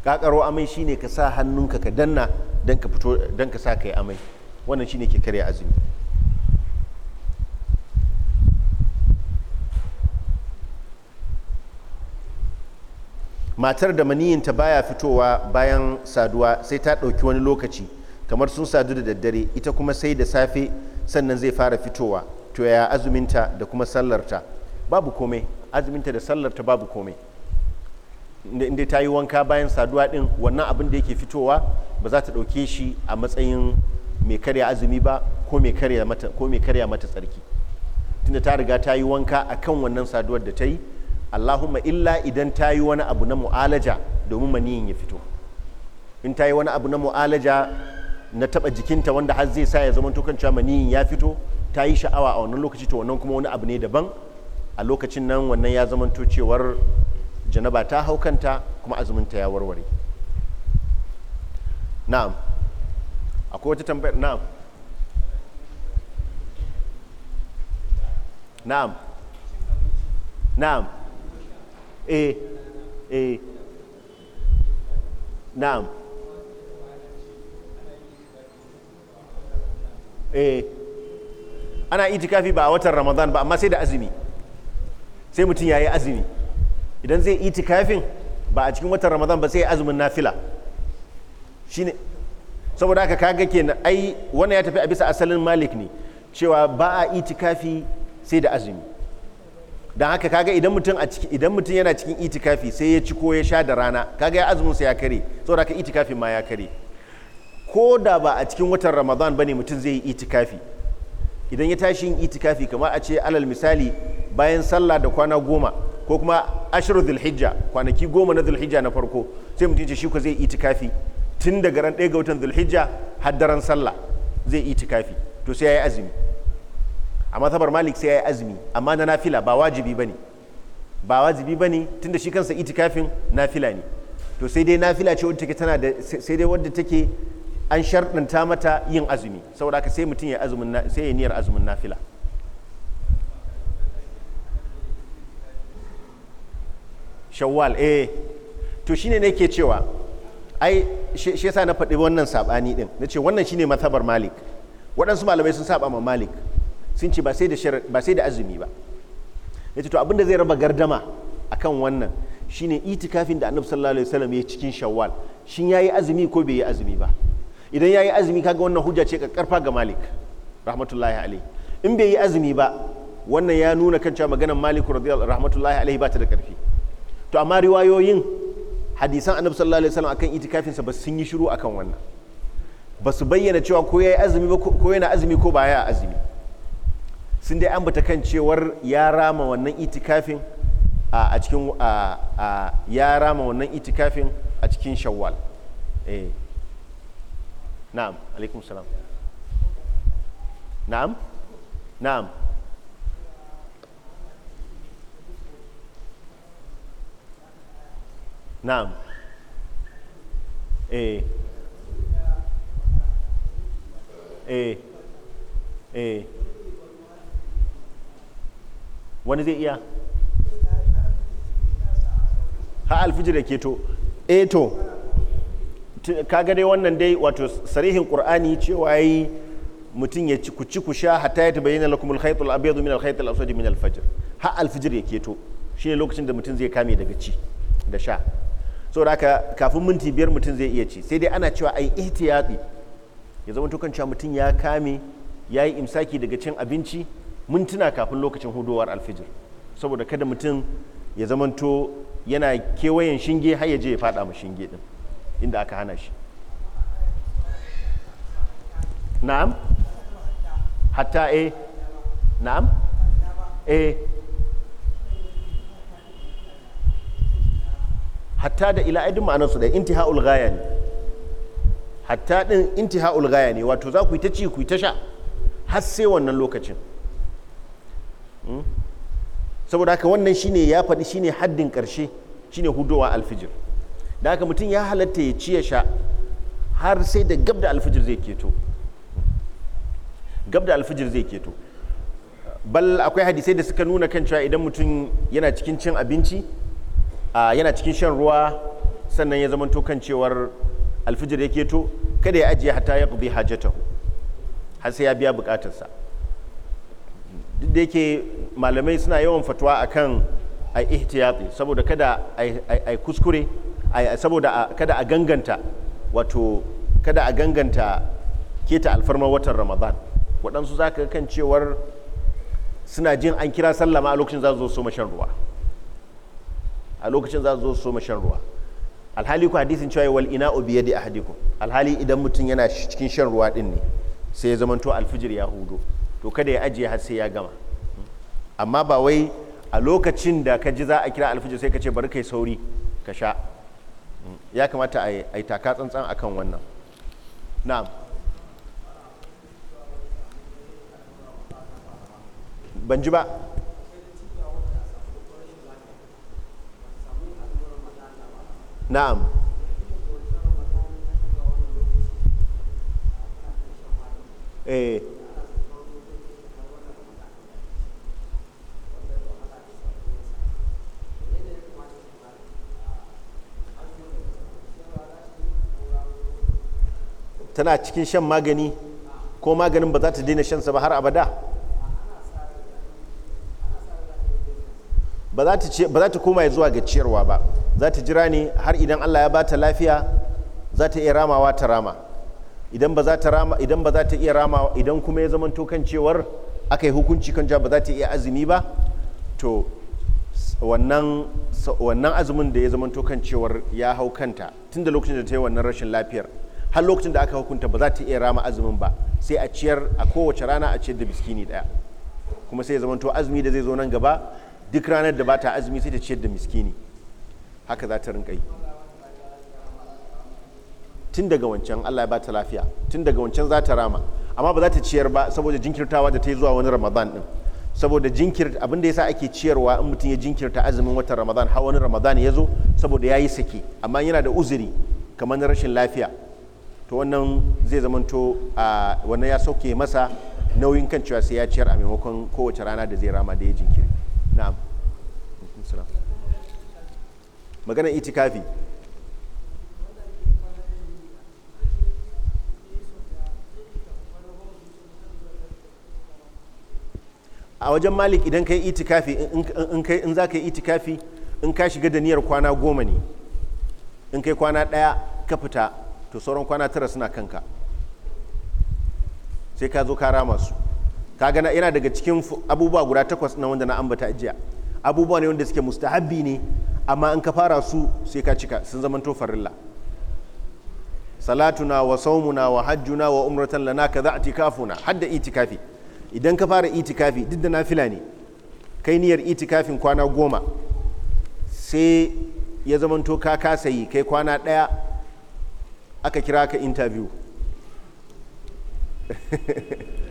kakaro amai shine ka sa hannunka ka danna don ka fito don ka sa ka amai wannan shine ke karya azumi matar da maniyinta baya fitowa bayan saduwa sai ta ɗauki wani lokaci kamar sun sadu da daddare ita kuma sai da safe sannan zai fara fitowa to ya azuminta da kuma sallarta babu komai azuminta da sallarta babu komai inda ta yi wanka bayan saduwa din wannan abin da yake fitowa ba za ta ɗauke shi a matsayin mai karya azumi ba ko mai karya mata tsarki tunda ta riga ta yi wanka a kan wannan saduwar da ta yi allahumma illa idan ta yi wani abu na mu'alaja domin maniyin ya fito in ta yi wani abu na mu'alaja na taɓa jikinta wanda har zai sa ya zama kan cewa maniyin ya fito ta yi sha'awa a wannan lokaci to wannan kuma wani abu ne daban a lokacin nan wannan ya zama cewar janaba ta hau kanta kuma azuminta ya warware na'am akwai wata tambayar na'am na'am na'am e eh na'am e ana itikafi ba a watan ramadan ba amma sai da azumi sai mutum ya yi azumi idan zai itikafin ba a cikin watan ramadan ba sai azumin nafila shine saboda haka kaga kenan ai wannan ya tafi a bisa asalin malik ne cewa ba a itikafi sai da azumi don haka kaga idan mutum yana cikin itikafi sai ya ci ko ya sha da rana kaga ya azumin sa ya kare saboda haka itikafin ma ya kare ko da ba a cikin watan ramadan ne mutum zai yi itikafi idan ya tashi yin itikafi kamar a ce alal misali bayan sallah da kwana goma ko kuma ashiru dhulhijja kwanaki goma na dhulhijja na farko sai mutum ce shi ko zai itikafi tun daga ran ɗaya ga watan dhulhijja har daren sallah zai itikafi to sai yayi azumi amma tabar malik sai yayi azumi amma na nafila ba wajibi bane ba wajibi bane da shi kansa itikafin nafila ne to sai dai nafila ce wadda take tana da sai dai wadda take an sharɗanta mata yin azumi saboda haka sai mutum ya azumin sai ya niyyar azumin nafila shawwal eh to shine ne ke cewa ai shi yasa na faɗi wannan sabani din na ce wannan shine mazhabar malik waɗansu malamai sun saba ma malik sun ce ba sai da azumi ba ya ce to abinda zai raba gardama akan wannan shine itikafin da annabi sallallahu alaihi wasallam ya cikin shawwal shin yayi azumi ko bai yi azumi ba idan yayi azumi kaga wannan hujja ce ka karfa ga malik rahmatullahi alaihi in bai yi azumi ba wannan ya nuna kan cewa maganar malik radiyallahu rahmatullahi alaihi ba ta da karfi to amma riwayoyin hadisan annabi sallallahu alaihi wasallam akan itikafinsa ba sun yi shiru akan wannan ba su bayyana cewa ko yayi azumi ko yana azumi ko ba ya azumi sun dai ambata kan cewar ya rama wannan itikafin a cikin ya rama wannan itikafin a cikin shawwal eh na'am alaikum salam na'am na'am na'am eh eh eh wani zai iya ha alfijir da keto eh to kaga dai wannan dai wato sarihin qur'ani cewa yi mutum ya ci ku ci ku sha hatta ya tabayi na al haitul al-abyad min al-khayt al min alfajir ha alfijir fajr ya keto ne lokacin da mutum zai kame daga ci da sha saboda haka kafin minti biyar mutum zai iya ci sai dai ana cewa ai ihtiyati ya zama to cewa mutum ya kame ya yi imsaki daga cin abinci mintuna kafin lokacin hudowar alfijir saboda kada mutum ya to yana kewayen shinge har ya je ya fada ma shinge din inda aka hana shi na'am hatta eh na'am eh hatta da ila aidin ma'anar su da intihaul ghaya ne hatta din intihaul ghaya ne wato za ku yi ta ci ku yi ta sha har sai wannan lokacin hmm? saboda haka wannan shine ya faɗi shine haddin ƙarshe shine hudowa alfijir da haka mutum ya halatta ya ci ya sha har sai da gab da alfijir zai keto gab da alfijir zai keto bal akwai hadisai da suka nuna kan cewa idan mutum yana cikin cin abinci Ah, yana cikin shan ruwa sannan ya zamanto kan cewar alfijir ya keto kada ya ajiye hata ya kubi hajjatahu har sai ya biya bukatarsa duk da yake malamai suna yawan fatuwa akan a ihtiyati saboda kada a kuskure saboda kada a ganganta wato kada a ganganta keta alfarmar watan ramadan waɗansu za ka kan cewar suna jin an kira sallama a lokacin za su zo su mashan ruwa a lokacin za su zo su soma shan ruwa alhali ku hadisin cewa wal ina ubi yadi ahadikum alhali idan mutum yana cikin shan ruwa din ne sai ya zamanto alfijir ya hudo to kada ya ajiye har sai ya gama amma ba wai a lokacin da ka ji za a kira alfijir sai ka ce bari kai sauri ka sha ya kamata a yi taka tsantsan akan wannan na'am ban ji ba na'am eh tana cikin shan magani ko maganin ba za ta daina shan sa ba har abada ba za ta koma zuwa ga ciyarwa ba za ta jira ne har idan Allah ya bata lafiya za ta iya ramawa ta rama idan ba za ta rama idan ba za ta iya rama idan kuma ya zama kan cewar aka yi hukunci kan ja ba za ta iya azumi ba to wannan azumin da ya zama kan cewar ya hau kanta tun da lokacin da ta yi wannan rashin lafiyar har lokacin da aka hukunta ba za ta iya rama azumin ba sai a ciyar a kowace rana a ciyar da biskini daya kuma sai ya zama to azumi da zai zo nan gaba duk ranar da ba ta azumi sai ta ciyar da miskini haka za ta rinka yi tun daga wancan Allah ya ba ta lafiya tun daga wancan za ta rama amma ba za ta ciyar ba saboda jinkirtawa da ta yi zuwa wani ramadan din saboda jinkir abin da yasa ake ciyarwa in mutum ya jinkirta azumin watan ramadan har wani ramadan ya zo saboda ya yi sake amma yana da uzuri kamar na rashin lafiya to wannan zai zamanto a wannan ya sauke masa nauyin kan cewa sai ya ciyar a maimakon kowace rana da zai rama da ya jinkiri na'am maganar itikafi a wajen malik idan ka yi itikafi in za ka yi itikafi in ka shiga da niyyar kwana goma ne in kai kwana daya ka fita to sauran kwana tara suna kanka sai ka zo ka rama su ka kaga yana daga cikin abubuwa guda takwas na wanda na ambata jiya abubuwa ne wanda suke mustahabbi ne amma in ka fara su sai ka cika sun zama to farilla salatuna wa saumuna wa hajjuna wa umratan lana kaza itikafuna har da itikafi idan ka fara itikafi duk da nafila ne kai niyyar itikafin kwana goma sai ya zama to ka kasa yi kai kwana ɗaya aka kira ka interview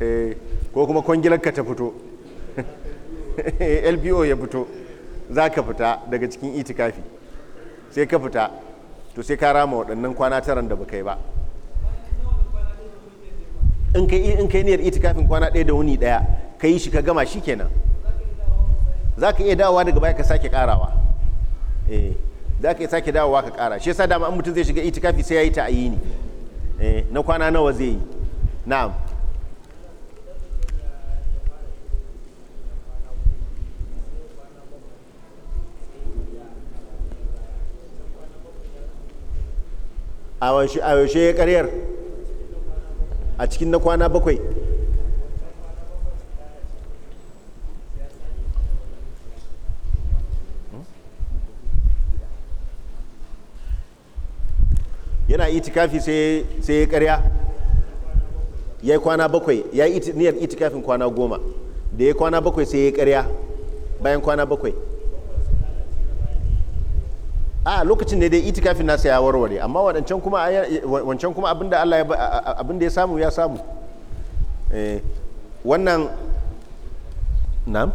Eh, ko kuma kwangilarka ta fito eh, lpo ya fito za ka fita daga cikin itikafi sai ka fita to sai ka rama waɗannan kwana taran da baka yi ba in kai niyyar itikafin kwana ɗaya da wuni ɗaya ka yi shi ka gama shi kenan za ka iya dawowa daga baya ka sake ƙarawa eh, za ka iya sake dawowa ka kara shi yasa dama an mutum zai shiga itikafi sai ya yi ta ne na kwana nawa zai yi na'am a yaushe ya karyar a cikin na kwana bakwai yana itikafi sai ya karya ya yi kwana bakwai ya yi niyyar itikafin kwana goma da ya kwana bakwai sai ya karya bayan kwana bakwai a lokacin ne dai itikafin nasa ya warware amma wancan kuma wancan kuma abinda Allah ya abinda ya samu ya samu eh wannan na'am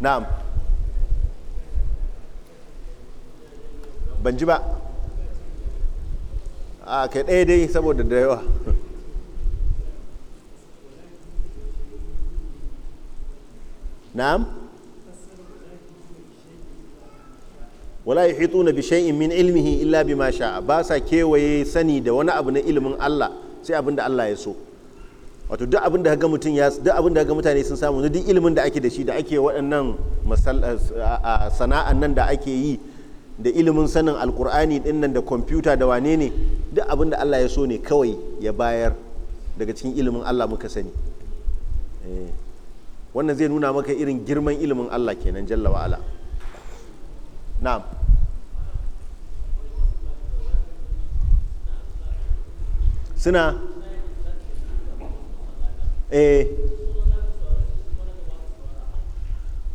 na'am ban ji ba a kai ɗaya dai saboda da yawa نعم wala يحيطون بشيء من علمه الا illa bima sha'a ba sa kewaye sani da wani abu na ilimin Allah sai abin da Allah ya so wato duk abin da ga mutum ya duk abin da ga mutane sun samu duk ilimin da ake da shi da ake waɗannan sana'an nan da ake yi da ilimin sanin alkur'ani din nan da kwamfuta da wane ne duk abin da Allah ya so ne kawai ya bayar daga cikin ilimin Allah muka sani eh. wannan zai nuna maka irin girman ilimin Allah kenan jalla wa'ala na'am suna eh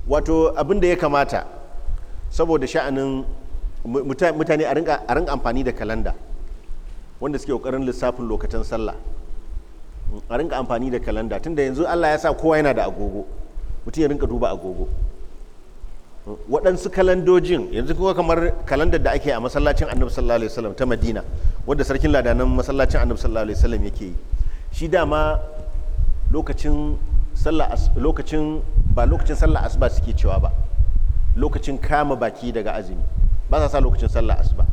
wato abin da ya kamata saboda sha'anin mutane a rinka amfani da kalanda wanda suke kokarin lissafin lokacin sallah a rinka amfani da kalanda tunda yanzu Allah ya sa kowa yana da agogo mutum ya rinka duba agogo waɗansu kalandojin yanzu kuma kamar kalandar da ake a masallacin annabi sallallahu alaihi wasallam ta madina wadda sarkin ladanan masallacin annabi sallallahu alaihi wasallam yake yi shi dama lokacin sallah lokacin ba lokacin sallah asuba suke cewa ba lokacin kama baki daga azumi ba sa sa lokacin sallah asuba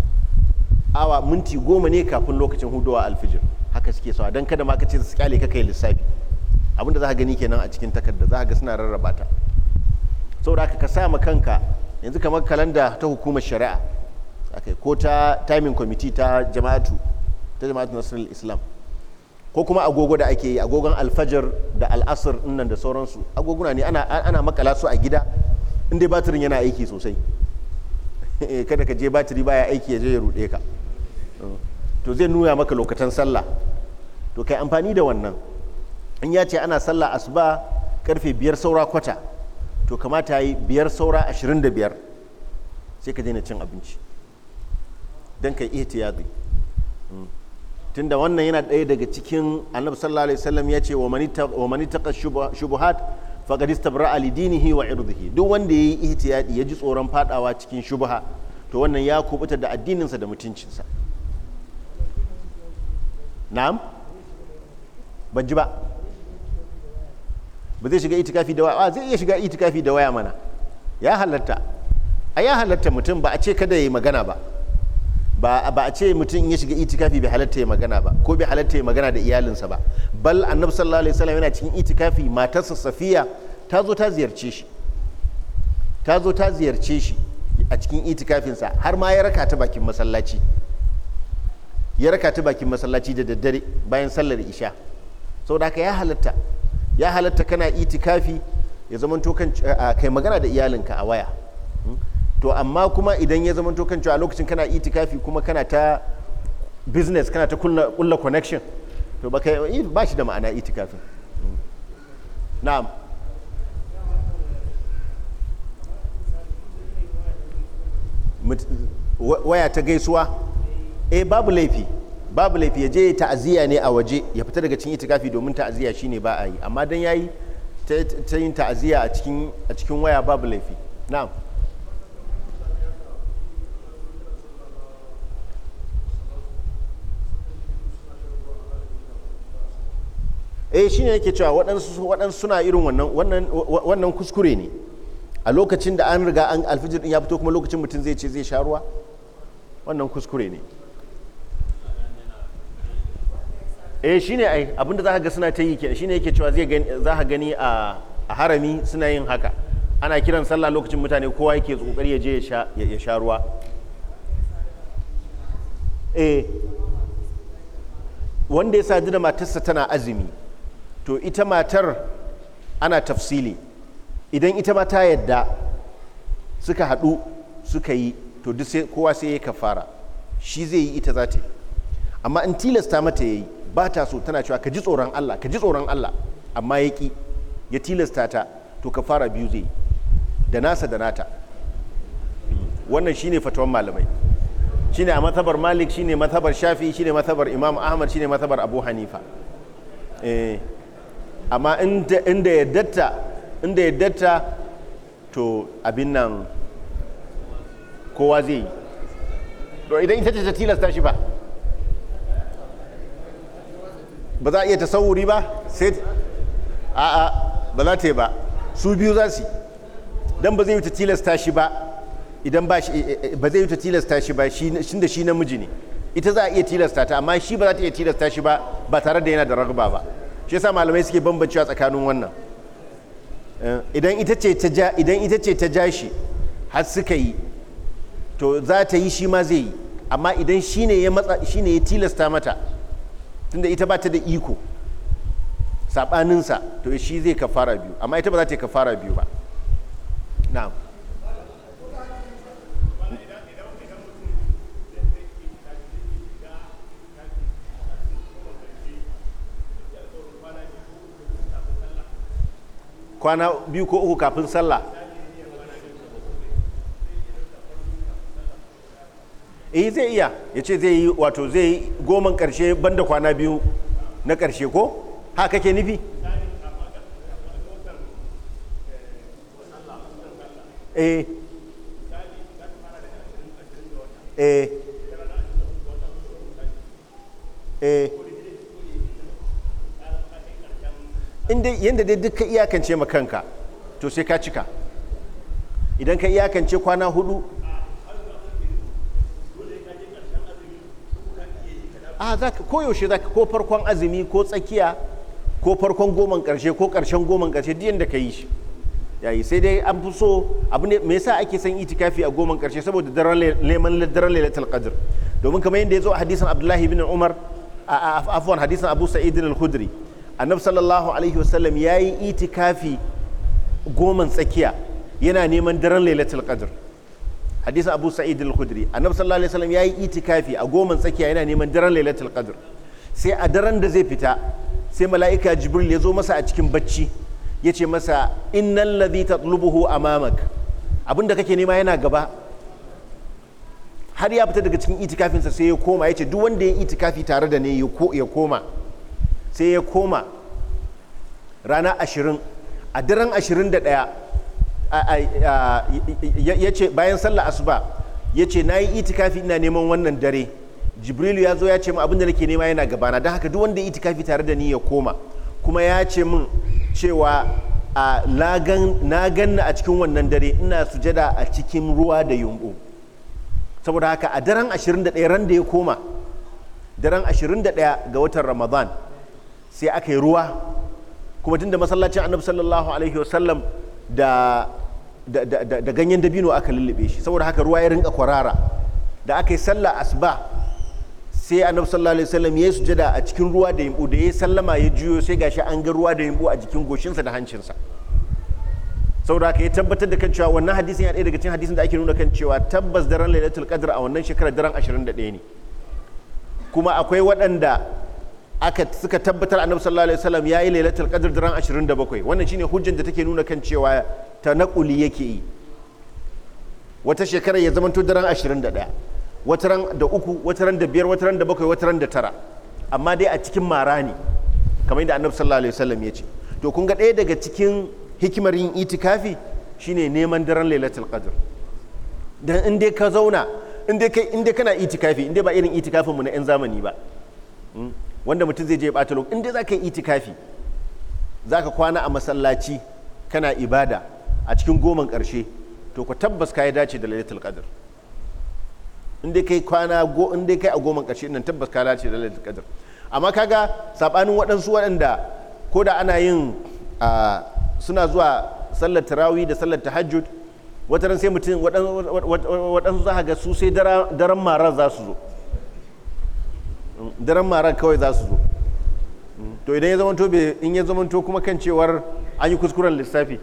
awa minti goma ne kafin lokacin huduwa alfijir haka suke sawa don kada ma ka ce su kyale ka kai lissafi abinda za ka gani kenan a cikin takarda za ka ga suna rarraba ta saboda haka ka sa ma kanka yanzu kamar kalanda ta hukumar shari'a ko ta timing committee ta jama'atu ta jama'atu islam ko kuma agogo da ake yi agogon alfajar da al'asar nan da sauransu agoguna ne ana ana makala su a gida inda batirin yana aiki sosai eh, kada ka je batiri baya aiki ya je ya rude ka to zai nuna maka lokacin sallah to kai amfani da wannan in ya ce ana sallah asuba karfe biyar saura kwata to kamata yi biyar saura ashirin da biyar sai ka daina cin abinci don ka iya tun da wannan yana ɗaya daga cikin annabi sallallahu alaihi wasallam ya ce wa mani taqa shubuhat faqad istabra'a li wa irdihi duk wanda ya yi ihtiyadi ya ji tsoron fadawa cikin shubha to wannan ya kubuta da addininsa da mutuncinsa na'am ban ji ba ba zai shiga itikafi da waya zai iya shiga itikafi da waya mana ya halatta a ya halatta mutum ba a ce kada ya yi magana ba ba a ce mutum ya shiga itikafi bai halatta ya magana ba ko bai halatta ya magana da iyalinsa ba bal annabi sallallahu alaihi wasallam yana cikin itikafi matarsa safiya ta zo ta ziyarce shi ta zo ta ziyarce shi a cikin itikafinsa har ma ya raka ta bakin masallaci ya raka ta bakin masallaci da daddare bayan sallar isha saboda ka ya halatta ya halatta kana itikafi ya zama kan kai magana da iyalinka a waya hmm? to amma kuma idan ya zama tokan cewa a lokacin kana itikafi kuma kana ta business kana ta kulla connection to ba kai ba shi da ma'ana itikafin hmm? na'am waya ta gaisuwa eh babu laifi babu laifi ya je ta'aziyya ne a waje ya fita daga cikin itikafi domin ta'aziyya shine ba a yi amma dan yayi ta yin ta'aziyya a cikin a cikin waya babu laifi na'am eh shine yake cewa waɗansu waɗansu suna irin wannan wannan wannan kuskure ne a lokacin da an riga an alfijir din ya fito kuma lokacin mutum zai ce zai sha ruwa wannan kuskure ne eh shine ai abinda za ka ga suna ta yi kenan shine yake cewa zai za ka gani a harami suna yin haka ana kiran sallah lokacin mutane kowa yake kokari ya je ya sha ruwa eh wanda ya sa da matarsa tana azumi to ita matar ana tafsili idan ita mata yadda suka haɗu suka yi to duk kowa sai ya kafara shi zai yi ita za ta yi amma in tilasta mata ya yi ba ta so tana cewa ka ji tsoron Allah ka ji tsoron Allah amma ya ki ya tilasta ta to ka fara biyu zai da nasa da nata wannan shine fatawan malamai shine a matabar malik shine matabar shafi shine matabar imam ahmad shine matabar abu hanifa eh, amma inda datta inda datta to abin nan kowa zai yi idan ita ce ta tilasta shi ba ba za a iya tasawuri ba sai a'a ba za ta yi ba su biyu za su don ba zai yi ta tilasta shi ba idan ba eh, eh, zai yi ta tilasta shi ba shi da shi namiji ne ita za a iya tilasta ta amma shi ba za ta iya tilasta shi ba ba tare da yana da ragaba ba shi yasa malamai suke bambancewa tsakanin wannan eh, idan ita ce ta ja idan ita ce ta ja shi har suka yi to za ta yi shi ma zai yi amma idan shi ne ya tilasta mata tunda ita ba ta da iko sabaninsa to shi zai kafara biyu amma ita ba za ta yi kafara biyu ba na'am kwana biyu ko uku kafin sallah eh zai iya ya ce zai yi wato zai goman karshe banda kwana biyu na karshe ko ha kake nufi eh eh eh inda yadda dai duka iyakance makanka to sai ka cika idan ka iyakance kwana hudu a ah, za ka koyaushe za ka ko farkon azumi ko tsakiya ko farkon goman karshe ko karshen goman karshe duk yadda ka yi shi yayi sai dai an fi so abu ne mai yasa ake san itikafi a goman karshe saboda daren neman daren lailatul qadr domin kamar yadda ya zo a hadisin abdullahi bin umar a afwan hadisin abu sa'id al-khudri annabi sallallahu alaihi wasallam yayi itikafi goman tsakiya yana neman daren lailatul qadr hadisi abu sa'id al-khudri annabi sallallahu alaihi wasallam yayi itikafi a goman tsakiya yana neman daren lailatul qadr sai a daren da zai fita sai mala'ika jibril ya zo masa a cikin bacci ya ce masa innal ladhi tatlubuhu amamak abinda kake nema yana gaba har ya fita daga cikin itikafinsa sai ya koma ya duk wanda ya itikafi tare da ne ya koma sai ya koma rana ashirin a daren ashirin da ɗaya ya ce bayan sallah asuba ya ce na yi itikafi ina neman wannan dare jibrilu ya zo ya ce abin da nake nema yana gabana don haka duk wanda ya itikafi tare da ni ya koma kuma ya ce min cewa na ganna a cikin wannan dare ina sujada a cikin ruwa da yumbu saboda haka a daren 21 ran da ya koma daren 21 ga watan ramadan sai aka yi ruwa kuma tunda masallacin annabi sallallahu alaihi wasallam da da ganyen dabino aka lullube shi saboda haka ruwa ya rinka kwarara da aka yi sallah asuba sai annabi sallallahu alaihi wasallam ya sujada a cikin ruwa da yimbu da ya sallama ya juyo sai gashi an ga ruwa da yimbu a jikin goshinsa da hancinsa saboda haka ya tabbatar da kan cewa wannan hadisin ya ɗaya daga cikin hadisin da ake nuna kan cewa tabbas daren lailatul qadr a wannan shekarar daren 21 ne kuma akwai waɗanda aka suka tabbatar annabi sallallahu alaihi wasallam yayi lailatul qadr daren 27 wannan shine hujjar da take nuna kan cewa tanaquli yake yi wata shekara ya zamanto daren 21 wata ran da uku wata ran da biyar wata ran da bakwai wata ran da tara amma dai a cikin mara ne kamar yadda annabi sallallahu alaihi wasallam ya ce to kun ga ɗaya daga cikin hikimar yin itikafi shine neman daren lailatul qadr dan in dai ka zauna in dai kai in dai kana itikafi in dai ba irin itikafin mu na 'yan zamani ba hmm? wanda mutum zai je ɓata lokaci in dai zaka yi itikafi zaka kwana a masallaci kana ibada a cikin goman karshe to ka tabbas ka yi dace da lalatul qadr in dai kai kwana go in dai kai a goman karshe nan tabbas ka dace da lalatul qadr amma kaga sabanin waɗansu waɗanda ko da ana yin suna zuwa sallar tarawih da sallar tahajjud wataran sai mutum waɗansu za ga su sai daren marar za su zo daren mara kawai za su zo to idan ya zamanto be in ya zamanto kuma kan cewar an yi kuskuren lissafi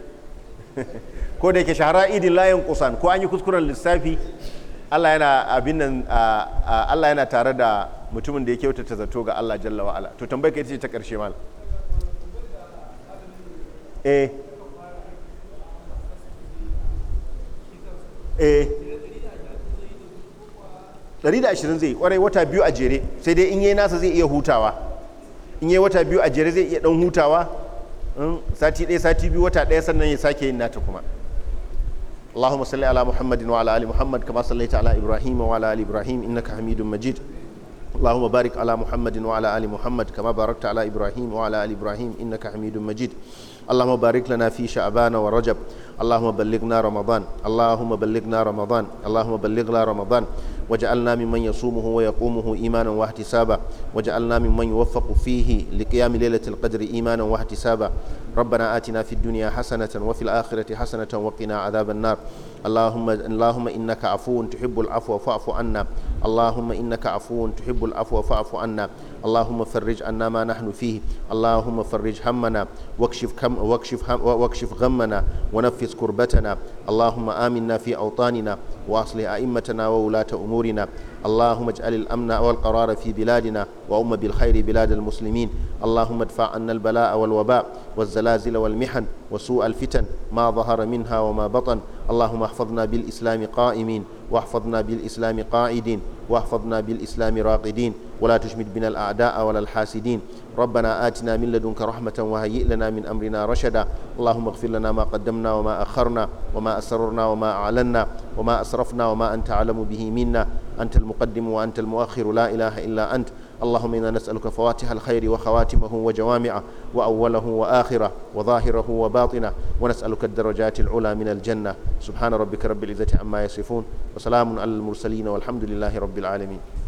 ko da yake shahara idin layin kusan ko an yi kuskuren lissafi Allah yana abin nan Allah yana tare da mutumin da ya kyautata zato ga Allah jalla wa ala to tambayar ita ce ta karshe mal eh eh 120 zai kwarai wata biyu a jere sai dai in yi nasa zai iya hutawa in yi wata biyu a jere zai iya dan hutawa sati ɗaya sati biyu wata ɗaya sannan ya sake yin nata kuma اللهم صل على محمد وعلى ال محمد كما صليت على ابراهيم وعلى ال ابراهيم انك حميد مجيد اللهم بارك على محمد وعلى ال محمد كما باركت على ابراهيم وعلى ال ابراهيم انك حميد مجيد اللهم بارك لنا في شعبان ورجب اللهم بلغنا رمضان اللهم بلغنا رمضان اللهم بلغنا رمضان وجعلنا ممن يصومه ويقومه إيمانا واحتسابا وجعلنا ممن يوفق فيه لقيام ليلة القدر إيمانا واحتسابا ربنا آتنا في الدنيا حسنة وفي الآخرة حسنة وقنا عذاب النار اللهم اللهم إنك عفو تحب العفو فاعف عنا اللهم إنك عفو تحب العفو فاعف عنا اللهم فرج عنا ما نحن فيه اللهم فرج همنا واكشف كم واكشف هم واكشف غمنا ونفس كربتنا اللهم آمنا في أوطاننا واصلح ائمتنا وولاة امورنا اللهم اجعل الامن والقرار في بلادنا وام بالخير بلاد المسلمين اللهم ادفع عنا البلاء والوباء والزلازل والمحن وسوء الفتن ما ظهر منها وما بطن اللهم احفظنا بالاسلام قائمين واحفظنا بالاسلام قاعدين واحفظنا بالاسلام راقدين ولا تشمد بنا الاعداء ولا الحاسدين ربنا آتنا من لدنك رحمة وهيئ لنا من أمرنا رشدا اللهم اغفر لنا ما قدمنا وما أخرنا وما أسررنا وما أعلنا وما أسرفنا وما أنت أعلم به منا أنت المقدم وأنت المؤخر لا إله إلا أنت اللهم إنا نسألك فواتح الخير وخواتمه وجوامعه وأوله وآخره وظاهره وباطنه ونسألك الدرجات العلى من الجنة سبحان ربك رب العزة عما يصفون وسلام على المرسلين والحمد لله رب العالمين